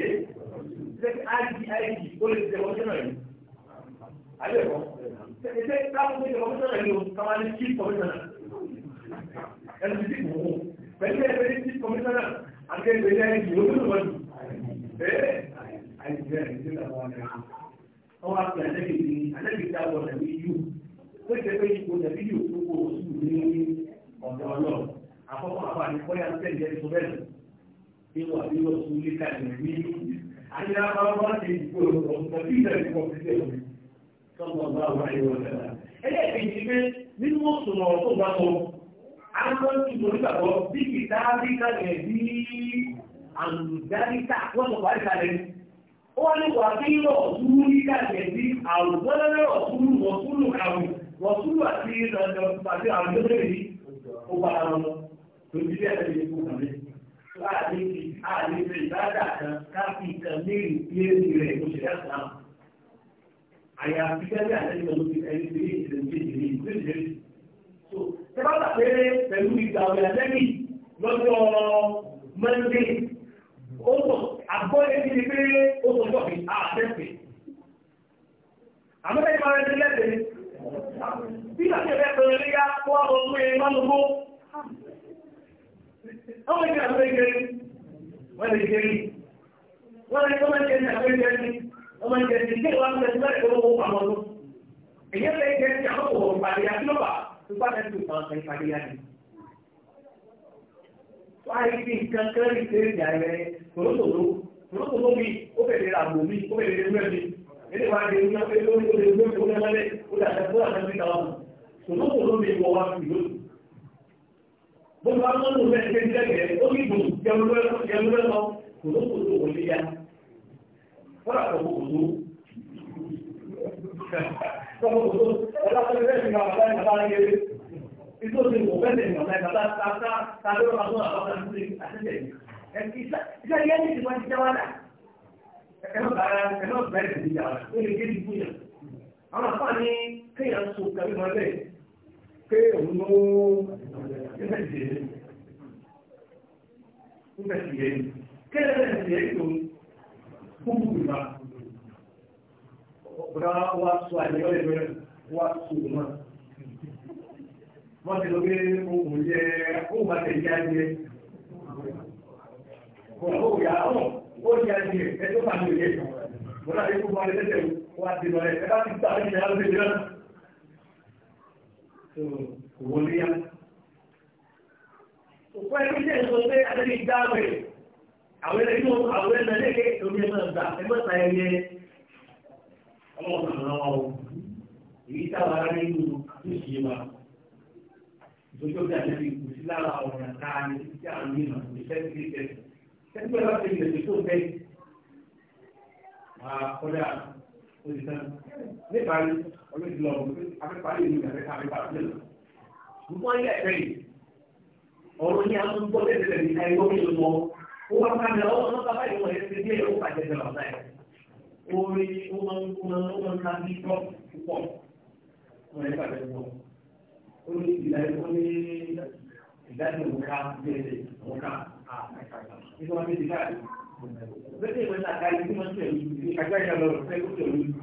ẹ̀ ṣẹ́kí àìjì àìjì ó lè ṣe ọjọ́ náà yìí àbẹ̀ ẹ̀kọ́ ṣe táwọn ṣe ọjọ́ náà yìí o káwọn ní chief commissioner ẹnu ti dìbò wò pẹ̀lú ẹgbẹ́ ní chief commissioner àti ẹgbẹ́ ní àìjì ó lè wọ́n jù ẹ̀ àìjì rẹ̀ ní sílẹ̀ àwọn ọ̀rẹ́ ọwọ́ àti àlẹ́bí ni àlẹ́bí tá a wọ̀ nàbí yù ó ṣe pé ipò nàbí yù tó kó o sùn ní ọ̀dọ̀ ọlọ́run àkọ́kọ́ àpá ní kọ́yà tẹ̀ jẹ́ tó bẹ́ẹ̀ ìwà ní oṣù lítà ní ní àyà àwọn àti ìgbòho ọ̀pọ̀ tí ìjà ìkọ̀ sí ṣe òní tọ́gbọ̀ bá wà ní wọn tẹ̀lá. ẹlẹ́ẹ̀kejì ti pé nínú oṣù náà tó bá sọ àwọn ìgbòho nígbàgbọ́ bí kìtà bí kàlẹ̀ bí àlùdáríkà wọ́n sọ parí kalẹ̀ ni. ó wá ní wàá kí lọ ọ̀túrú ní kàlẹ̀ bí àwùjọ́lẹ́lẹ́ ọ̀túrú wọ̀túrú àwù wọ̀túrú àti ìrìnàjò àti àwùjọ́lẹ́lẹ́ bá àlejò àlejò ìbádà kan káfí kan ní ìpínlẹ̀ rẹ̀ ló ṣe dáta náà. àyàfi gẹ́gẹ́ àtẹ́jọ́ ló fi ẹni pé ìṣẹ̀lẹ̀ ń tẹ̀lé ní ìlú ìṣẹ̀lẹ̀. so ṣé bá gbà pé pẹ̀lú ìgbà ọ̀rẹ́ àtẹ́bì lọ́jọ́ mọ́ndé ó sọ àgbọ̀ ẹbí ni pé ó sọ jọ́ fi ah, àtẹ́fẹ̀. àmọ́ bẹ́ẹ̀ máa ń tẹ́lẹ̀ tẹ́lẹ̀ bí àwọn ìgbà àwọn ìgbà wọ́n lè jẹ́ rí wọ́n lè kọ́ máa jẹ́ ní àwọn ìgbà ní wọ́n máa jẹ́ ní ilé ìwà ń bẹ̀rẹ̀ láì owó àwọn ọdún èyí lè jẹ́ ní àwọn òwò ìpàdéyà tí lọ́wà tó bá fẹ́ tó kàn án ìpàdéyà ni. wáyé bí nǹkan kan rí ṣe ìjà rẹ̀ tòlótòló tòlótòló mi ó bẹ̀rẹ̀ àgbò mi ó bẹ̀rẹ̀ ewúrẹ́ mi ilé ìwà ń bẹ̀rẹ̀ ewúrẹ́ mi ó lè ewúrẹ́ mi ó lè lọ́lẹ̀ ó dàgbà bó bá wọn lò fẹ́ ṣe tẹ́lẹ̀ ó bò jẹunlẹ́ lọ kòtòkòtò kò lè ya fọ́nà kòtò kòtò kòtò kòtò ẹ̀dá tó lè fi máa bàbá ẹ̀ bàbá ẹ̀ ti wò fẹ́ tẹ̀lé bàbá ẹ̀ bàbá ta ta ta ló tó àbá ta lórí àtẹ̀lẹ̀ ẹ̀ ìṣe ìyá ti jẹ́ wá dà ẹ̀ náà bàrà ẹ̀ náà bẹ̀rẹ̀ ti jà pé òun ló nígbà tí yẹn nígbà tí yẹn kéde nígbà tí yẹn tó kúkú ìgbà ọ̀pọ̀lọpọ̀ wa sọ àyẹ̀wò ẹ̀rọ wa sọ wọ́n ti lọ pé bá tẹ̀lé ó ní ẹjọ́ òye bọ́lá ti lọ ẹ̀ ẹ bá ti gbà owó léyà. Òkú ẹni jẹ́ ìsọ pé adébí gbá rẹ̀ àwọn ẹni inú àwọn ẹni ẹlẹ́gẹ̀ omi ẹ̀ máa gbà ẹ ẹyẹ ọmọ ọ̀nà wa o. Èyí táwọn ará nínú àtúnṣe wa. Ìjọba bí adébí kò sí lára ọ̀ràn tá ní títí àwọn yìí mà ní fẹ́ẹ́ ti tẹ̀. Ṣẹ́ni pé ti lè fi tó olóòtú lọ bọ̀ pé afẹ́fàáyé ìlú ìdàgbẹ́ ká afẹ́fà sílẹ̀ lọ. Gbogbo ayé ẹ̀fẹ́ yìí, ọ̀rọ̀ ní àwọn gbọ́ lẹ́sẹ̀ ní ayé omi ló wọ́. Ó wá ká mi ọwọ́ náà bàbá ìwọ̀n ẹ̀ ti díẹ̀ ó bàjẹ́ jẹ bàbá ẹ̀. Orí ó máa ń kúná ó máa ń ká bí tọ́ púpọ̀. Wọ́n ẹ̀ bàbá ẹ̀ Ó ní ìdájọ́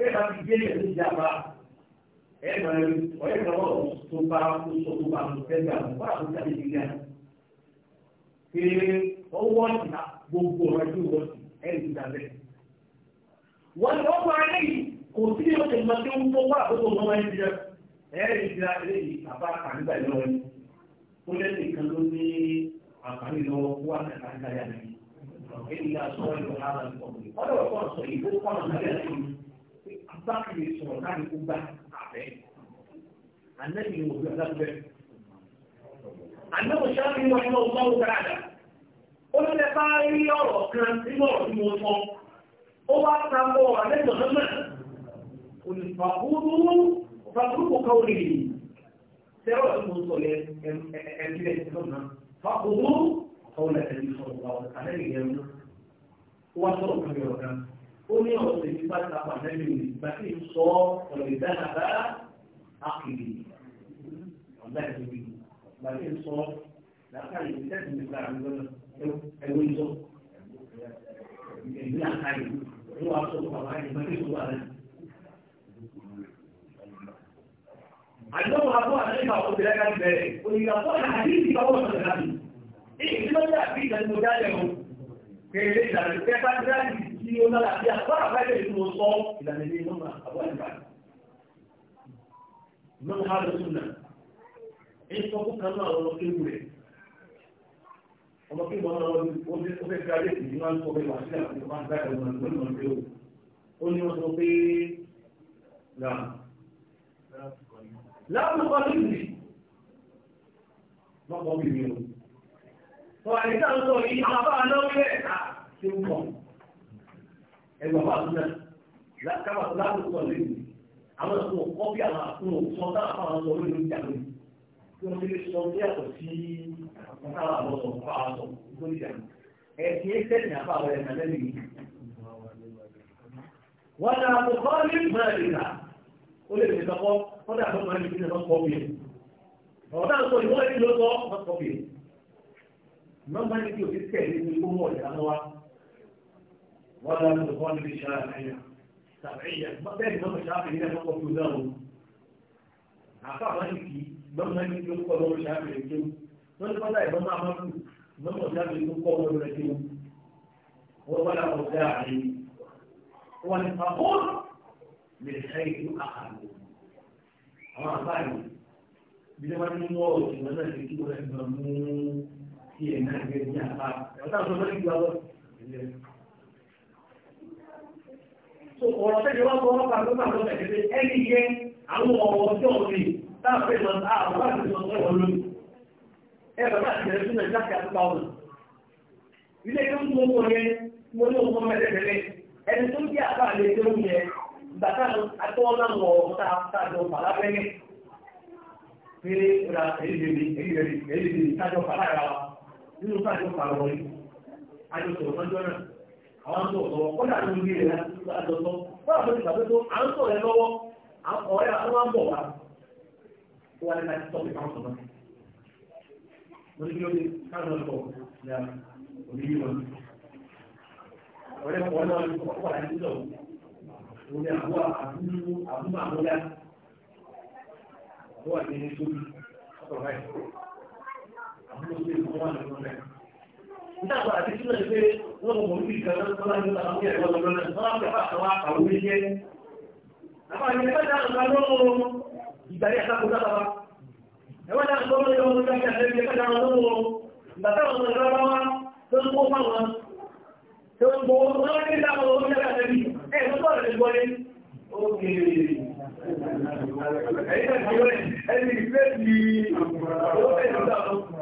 bẹ́ẹ̀ bá ti gbé ìrẹsì ìjàmbá ẹ̀ máa ọ̀yẹ́ kan tó bá tó sọ tó bá tó gbà pé ọwọ́ gbogbo ọ̀rọ̀ ẹ̀jú wọ́n ti ẹ̀ ń bẹ́ẹ̀. wọ́n ti wọ́n máa lẹ́yìn kò sí ní tó ń wà tó tó lọ́wọ́ lẹ́yìn fún abáàkì lè sọ̀rọ̀ láti kó gbà àbẹ́ anẹ́bí ni mo gbé ọ̀dà bẹ́ẹ̀. ànáwó sábì wọn ni wọn bá wọn dáadáa ó ló lè bá rí ọ̀rọ̀ kan nínú ọ̀rọ̀ tí mo sọ ó wá ta bọ̀ àlejò náà olùfàkúrú fàkúrú kò ká olè yìí sẹ́wọ̀n tí mo sọ yẹ ẹ̀ẹ́dẹ́gbẹ̀rẹ̀ ìtọ́nà fàkúrú kò ká olè yìí sọ̀rọ̀ wà àlejò yẹn wọ́n sọ̀rọ̀ kàmí ọ̀gá ó ní ọ̀sẹ̀ yìí bá ta pàtẹ́lì rẹ̀ ìgbà tí sọ ọ̀rọ̀ ìdáná àkìlì ọ̀dà ìdòwì ìgbà tí ń sọ làákàyè nípa àwọn ẹ̀wọ̀n ìjọ ẹ̀mí àkàyè ló wà sọ fún àwọn àyè mẹ́tẹ́sí wà rẹ̀. àdéhùn àbọ̀ àdéhùn àwọn obìnrin kan bẹ̀rẹ̀ òyìnbó àbọ̀ àdéhùn ìbáwọ̀ sọ̀rọ̀ láti. èyí ló dé àbí ìdánimọ̀ jáde o kèrè ìdánimọ̀ tí ó lára bí àgbára fẹ́lẹ̀ tí mo sọ ìlànà ilé mọ́mà àbọ̀ ìgbà. Mọ́mà ha lọ sùn náà. Ẹ sọ fún kan náà lọ kéwù rẹ̀. Ọmọ kéwù ọmọ wọn ó ní ó fẹ́ fi ayé ìdí máa ń sọ pé wà àti ìwà àgbà ìwà ìwà ìwà ìwà Ó ní wọn sọ pé Láàbù kọ́ sí ìlú. Wọ́n kọ́ àìsàn sọ yìí, àwọn bá a ká ṣe ń kọ̀ ẹgbẹ́ wà lónà lákàbà tó láàbò sọ àwọn ẹ̀sùn ọkọ bí àwọn àtúnwò sọ àwọn ọmọ lórí ìjà lónìí tí wọ́n ti sọ bí àtọ̀ sí àtàwọn àwọn ọmọ fún àwọn ọmọ lórí ìjà lónìí ẹ̀sìn ẹ̀sẹ̀ ní àbá àwọn ẹ̀sìn alẹ́ nìyí. wọ́n náà kò kọ́ ní mẹ́rìnlá ó lè fi sọ́kọ́ kọ́dà tó máa ń fi lọ́ kọ́ bí ọ̀dà tó ìwọ́n ti lọ́ kọ́ kọ́ bí mọ́mọ́ ولا من اخوان الشافعيه شافعيه ما بين امام الشافعي هنا فوق يوزان عقاب مالكي امام مالكي لو قال امام الشافعي يمكن wọ́n ti fọ́nà ìbọn máa máa kú lọ́mọ ìdájọ́ ìlú kọ́ wọn lọ sí wọn wọ́n lọ́wọ́ ọ̀gá àárín wọn ni pàkóòlù lè ṣe ìlú àkàlù àwọn àbáyé bí wọ́n ti mú ọ̀rọ̀ ìwọ̀n náà ṣe kí wọ́n ti mọ̀ mú kí ẹ̀ náà gbé ní àbá ẹ̀ wọ́n táwọn sọ fẹ́ kí wọ́n lọ. Ah, tó ọ̀rọ̀ tẹ́lẹ̀ wá tó yẹn mo ní ẹni tó ń tó ń yẹ bàtà náà ra àwọn tó sọ̀rọ̀ kọ́dà tó ń gbé rẹ̀ láti lọ́sọ́ kọ́dà tó ti gbàgbé tó à ń sọ̀rọ̀ ẹ lọ́wọ́ ọ̀rẹ́ àwọn máa ń bọ̀ wá ìtàgbà àti sílẹ̀ pé wọ́n mọ̀ ní ìgbà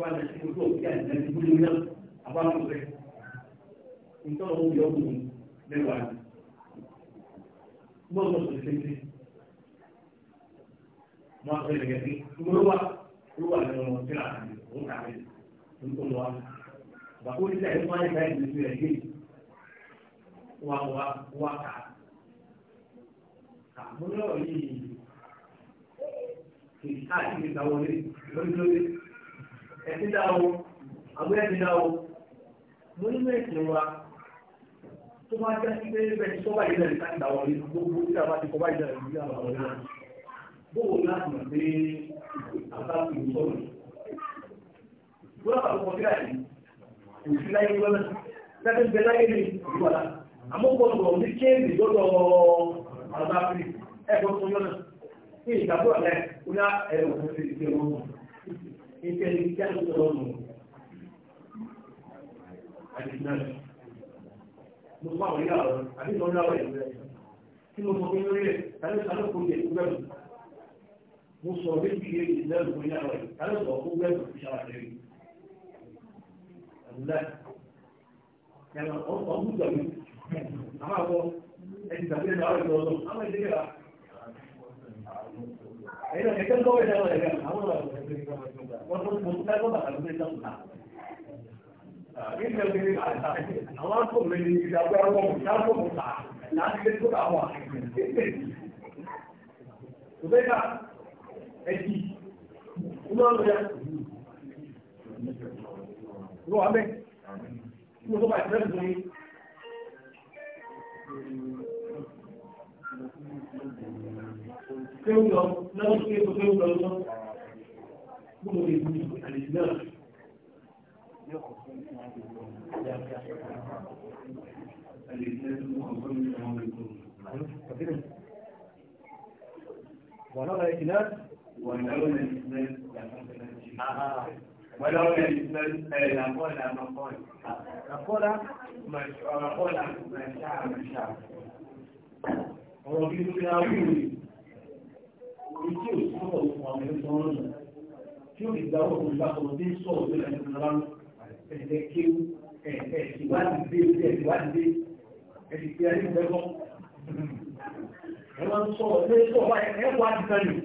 bá lọ sí ojú òkè àìsàn ti gbúdú náà àbámu rẹ̀ nítorí yọ ọmọ mẹ́wàá ni gbọ́dọ̀ tó ṣe ṣe mọ́ àwọn ẹ̀rẹ̀ kẹ́kẹ́ ìgbòho wa ló wà lọ́wọ́ tí a kà ní òun kà ní nítorí wa bàbá oníṣẹ́ ẹ̀rọ máa ń gba ìgbésí rẹ̀ yé wa wa wa kà àmúlọ̀ yìí kì í káàkiri ìgbà wọlé lórí lórí. ẹ̀sìn dáwó àgbẹ̀ ẹ̀sìn ẹ̀sìn wa tó bá jẹ́ pé bẹ́ẹ̀ ti gbogbo tí a bá ti kọ́bá yìí ní náà láti mọ̀ pé gbọ́dọ̀ àkọ́kọ́ àyè kò sí láyé bẹ láyé ní àmọ́ gbọ́dọ̀ ní kéèdì ẹ̀kọ́ inteligente do aluno. Adicionante. No qual ele aula, a gente não dá Se não for melhor ele, talvez está no poder, o governo. Não só vem que ele não foi na hora, talvez só wọ́n tó mo fẹ́ lọ́ba kan lórí ìjọba náà. àwọn àtò mi ni ìdàgbà ọmọ mi náà tó mo tà láti lè tó àwọn àkẹ́kẹ́. Tòbẹ́ ká ẹ̀jì iná lọ yá. Lọ Kí mo tó bá ìfẹ́ tuntun yìí. náà ó ṣe é tó kéwù lọ kúrò lè mú àlè náà ونرى الإسلام ونرى الإسلام ولولا الإسلام لقول ما قال لقول ما شاء ما شاء وربي يقول ìdí òṣìṣẹ́ ọ̀pọ̀ àwọn ẹgbẹ́ ọ̀rọ̀ tí ó lè gba owó òun bá sọ̀rọ̀ dé sọ̀rọ̀ lórí ẹ̀sìn ọ̀la lọ ẹ̀sẹ̀ kéwú ẹ̀sìwádìí dé ẹ̀sìwádìí dé ẹ̀sìn tí a ní ìgbẹ́ bọ́. ẹ máa ń sọ̀rọ̀ lé sọ̀rọ̀ ẹ̀ wá dìkan nì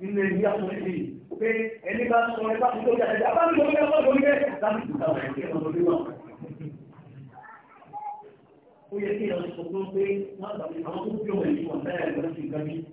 nínú ẹbí àtúnṣe yìí pé ẹni bá sọ ẹ bá fi tó jáde àbá mi lórí ẹgbẹ́ lórí ẹ̀ láti ìgbà wọn ẹ̀jẹ̀ ó yẹ kí ẹ lọ sọ fún pé wọn àgbà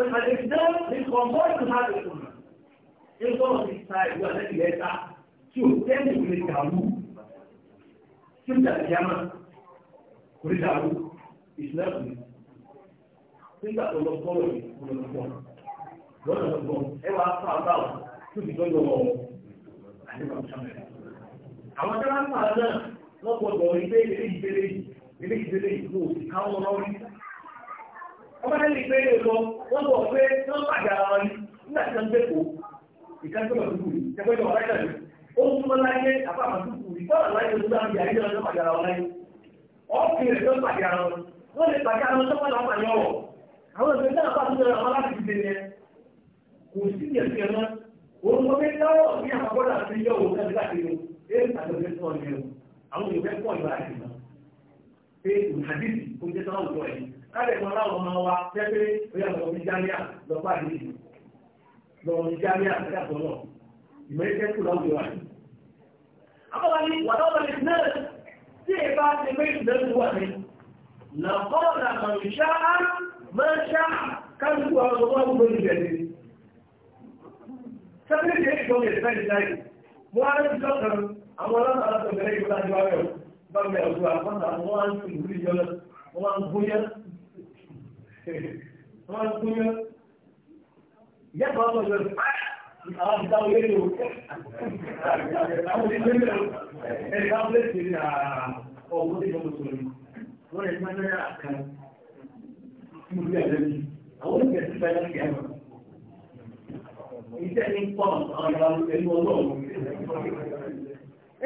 àìsàn ìkọ̀mọ́ ìtùmá lè fún mi. Ìgbọ́n ti ta ìwé àlẹ́bí ẹ̀ta tí ò tẹ́lẹ̀ kò lè dàrú. Tí ó dàbí yámà kò lè dàrú ìsìlẹ̀kù ni. Nígbà tó lọ sọ́rọ̀ yìí kò lọ sọ́rọ̀. Lọ́nà lọ́gbọ̀n ẹ wá fún àbáwọ̀ tó ti tọ́jú ọmọ àdébà sọ́mẹ̀. Àwọn tẹ́lá fà náà wọ́n gbọ́dọ̀ ilé ìdílé ìdílé ìdílé ọba ní ìgbé lọ wọ́n bọ̀ pé wọ́n pàdé ara wọn nígbà tí wọ́n dẹ́kọ̀ ìkẹ́kọ̀ọ́ dúkù rí ìkẹ́kọ̀ọ́ ọ̀rẹ́ tẹ̀lé ó ń túnmọ́ láyé àbámọ̀ dúkù rí bọ́ọ̀lù láyé ló dáa bí ayé lọ́jọ́ pàdé ara wọn láyé pàdé ara wọn wọ́n lè pàdé ara wọn tó pàdé àwọn káàdì kan láwọn ọmọ wa tẹ́lẹ̀ bóyá lọ sí jámíà lọ fà ní ìlú lọ sí jámíà lẹ́yàtọ̀ ìmọ̀ ẹ̀jẹ̀ kù láwùjọ wa. àbọ̀wá ni wàdà ọ̀bẹ náà tí ẹ bá ti pé ìdẹ́nu wà ní. lọ́kọ́ ọ̀nà àmọ̀ṣá máa ṣá káàdùkù àwọn ọmọ àwùjọ ni. sẹ́kẹ́lì tí èkó mi ìfẹ́ ìdáyì mo á rí ìjọ kan àwọn ọlọ́run wọ́n gún yọ. Ìyá kan sọ yọ ah! àwọn ìta olé lò àwọn ìta olé lò ẹ̀ka olé ti rí ọ̀gbọ́n tí wọ́n sọ yìí. Wọ́n rẹ̀ máa ń rẹ̀ àkàn fún ìlú ẹ̀rẹ́ mi. Àwọn olùkẹ́ ti fẹ́ láti ẹ̀rọ. Iṣẹ́ ní pọ̀ àwọn ẹ̀lú ọlọ́run.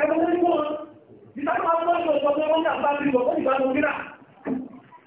Ẹ̀rọ ní pọ̀ ìtàkùn àwọn ọ̀ṣọ́ ìṣọ́gbọ́n wọn ní àbájú ìgbọ̀n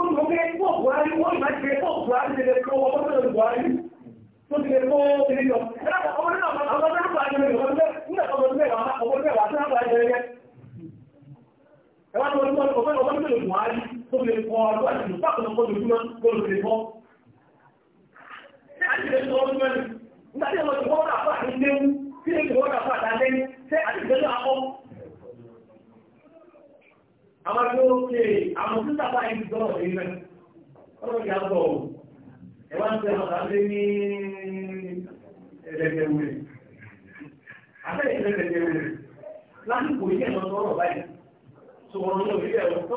wọ́n mọ̀ pé pọ̀ buhari wọ́n ìmá ti pọ̀ buhari ti lè kó ọmọ tó lè buhari tó ti lè kó kiri lọ ọmọ náà ọmọ náà buhari lè lọ nígbà nígbà ọmọ náà wà ọmọ náà wà sínú buhari lè yẹ ẹwà tó lè kó ọmọ náà lè buhari tó lè kó ọdún àti ìlú pàtó lọ́kọ́ lójúmọ́ tó lè kó àti lè àwọn yóò ṣe àwọn tó sábà ọrụ gbọ́ ọ̀rẹ́ náà bọ̀ ọ́ ń tẹ ọ̀tá lé ní ẹ̀rẹ̀dẹ̀wẹ̀ àbẹ́rẹ́ ẹ̀rẹ̀dẹ̀wẹ̀ lásìkò yìí ẹ̀rọ tó báyìí sọ̀rọ̀ ní òbí ẹ̀rọ tó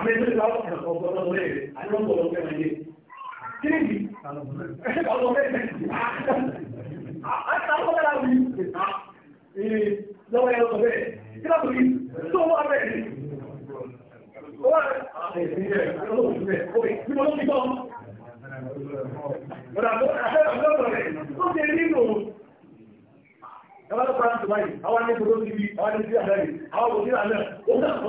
àmì àwọn ọ̀pọ̀ ọ̀pọ̀ ọ̀pọ̀ rẹ̀ àìlọ́ ọ̀pọ̀ ọ̀pọ̀ rẹ̀ yé kí ni ọ̀pọ̀ rẹ̀ rẹ̀ àtàwọn ọ̀pọ̀ rẹ̀ rẹ̀ lọ́wọ́ ẹ̀rọ sọ bẹ́ẹ̀ kí lọ́pọ̀ yìí tó wà bẹ́ẹ̀ ni ó wà bẹ́ẹ̀ ni mo ló fi gbọ́ ọ̀dà tó àfẹ́ràn rẹ̀ ti rí nù Ẹgbẹ́ tó kọ́ra àwọn ní ti bí, àwọn ní sí àdáyìí, àwọn kò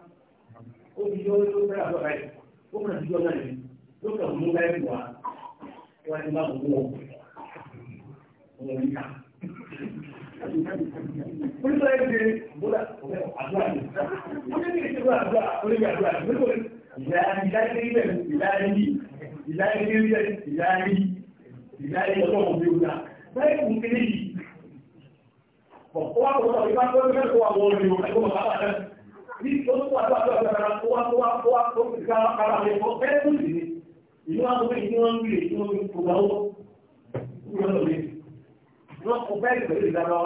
ó ti yọ ló fẹ́ àbọ̀ báyìí ó kàn ti yọ náà ni ló kàn mú báyìí wá wá ní bá gbogbo wọn wọn ní ká. Polisi ayé ti bóla àdúrà ni. Wọ́n ní ìṣe bóla àdúrà olóyè àdúrà ni. Wọ́n ní ìdáyé ilé ìdáyé ìdáyé ilé ìdáyé ìdáyé ọlọ́run bí ó dá. Báyìí kò kéde yìí. Ọ̀pọ̀ àwọn ọ̀rọ̀ ìbá fẹ́ kó àwọn olùyọ̀ ẹ̀kọ́ bàbá rẹ̀. ní oṣù àti àti ọ̀sẹ̀ kan kó wá kó wá kó wá kó fi ká ara rẹ̀ kọ́ bẹ́ẹ̀ tó sì ní àwọn ọmọ ìdí ń gbé ìdí wọn ń kó gbà kúrò lọ lé wọn kò bẹ́ẹ̀ pẹ̀lú ìdáná wa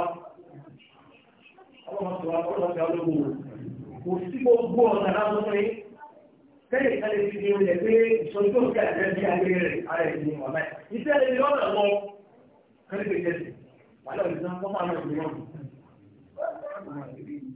ọlọ́mọ sọ̀rọ̀ ọlọ́mọ sọ̀rọ̀ lọ́wọ́ kò sí gbogbo ọ̀nà láwọn ọmọ yìí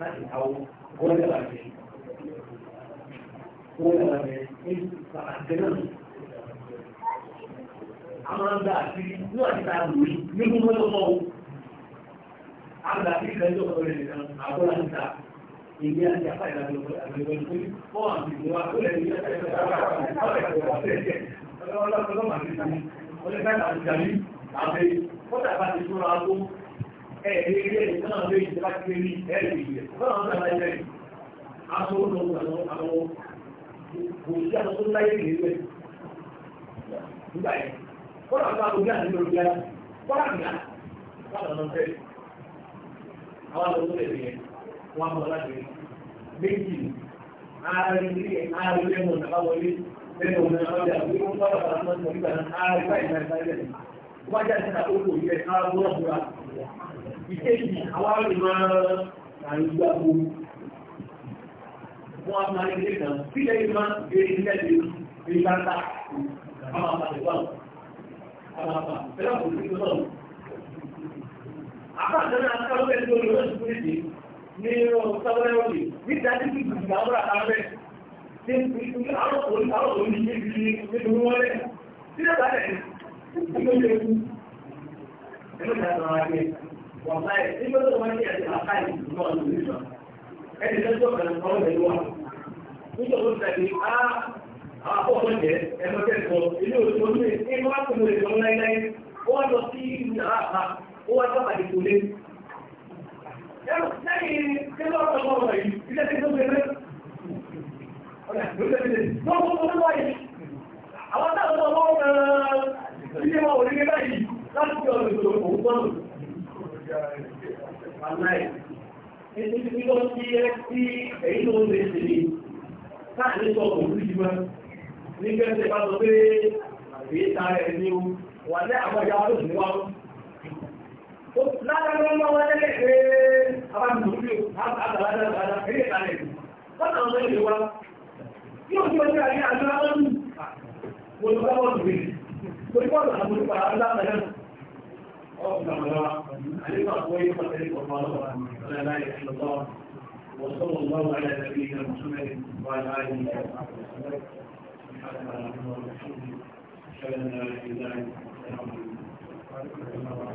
láti àwọn gbọ́dọ̀ àgbẹ̀ gbọ́dọ̀ àgbẹ̀ ní àgbẹ̀ náà. a máa ń gba àti ní àtìta lórí ní gbogbo ọmọ o a gba àti ìrẹsì ọ̀pọ̀ rẹ̀ nìkan àbúrò àtìta èyí àti apá ìlànà àgbẹ̀wò ìpín fún àti ìgbìmọ̀ àkọlẹ̀ ní àtìta ọlọ́pàá ọlọ́pàá àti ìgbìmọ̀ ọlọ́pàá àti ìgbìmọ̀ ẹ̀ẹ́dẹ́gbẹ́ náà lè jẹ́ láti gbé ní ẹ̀ẹ́dẹ́gbẹ́ ìkéjì àwọn àrìmọ̀ àìgbàgbò wọn a máa ilé kan sílẹ̀ ìmá eré ilẹ̀ ìlú ìbáta àwọn àpàdébáwò àwọn àpàdébáwò kò sí tó náà àpàdébáwò akáwọ́ ẹni tó lọ́wọ́ ìfún ìdí ní ọ̀rọ̀ sáwọ́lẹ́ òkè ní dájú sí ìgbìmọ̀ àwọn àkàrẹ́ tí ń fi ìtúkẹ́ àwọn òní àwọn òní ní ibi nítorí wọn lẹ́ sílẹ̀ bá lẹ̀ ní ọjọ́ ìlú ẹgbẹ́ ìdájọ́ ara rẹ̀ wàláì nígbà tó wọ́n ní ẹ̀sìn àkáyì lọ́wọ́ ní ìlú ẹni lẹ́jọ́ kan ọ̀rọ̀ rẹ̀ wà nígbà tó tẹ̀lé á àkọ́kọ́ jẹ́ ẹ̀mọ́ kẹ́kọ̀ọ́ ilé òṣèlú ní ẹgbẹ́ wá kòmò ìjọ láíláí ó wá lọ Aláì. Nítorí tí ó ti ẹ́ sí èyí ní, bá وصلى الله على نبينا محمد وعلى اله وصحبه وسلم سبحانك ان لا اله الا انت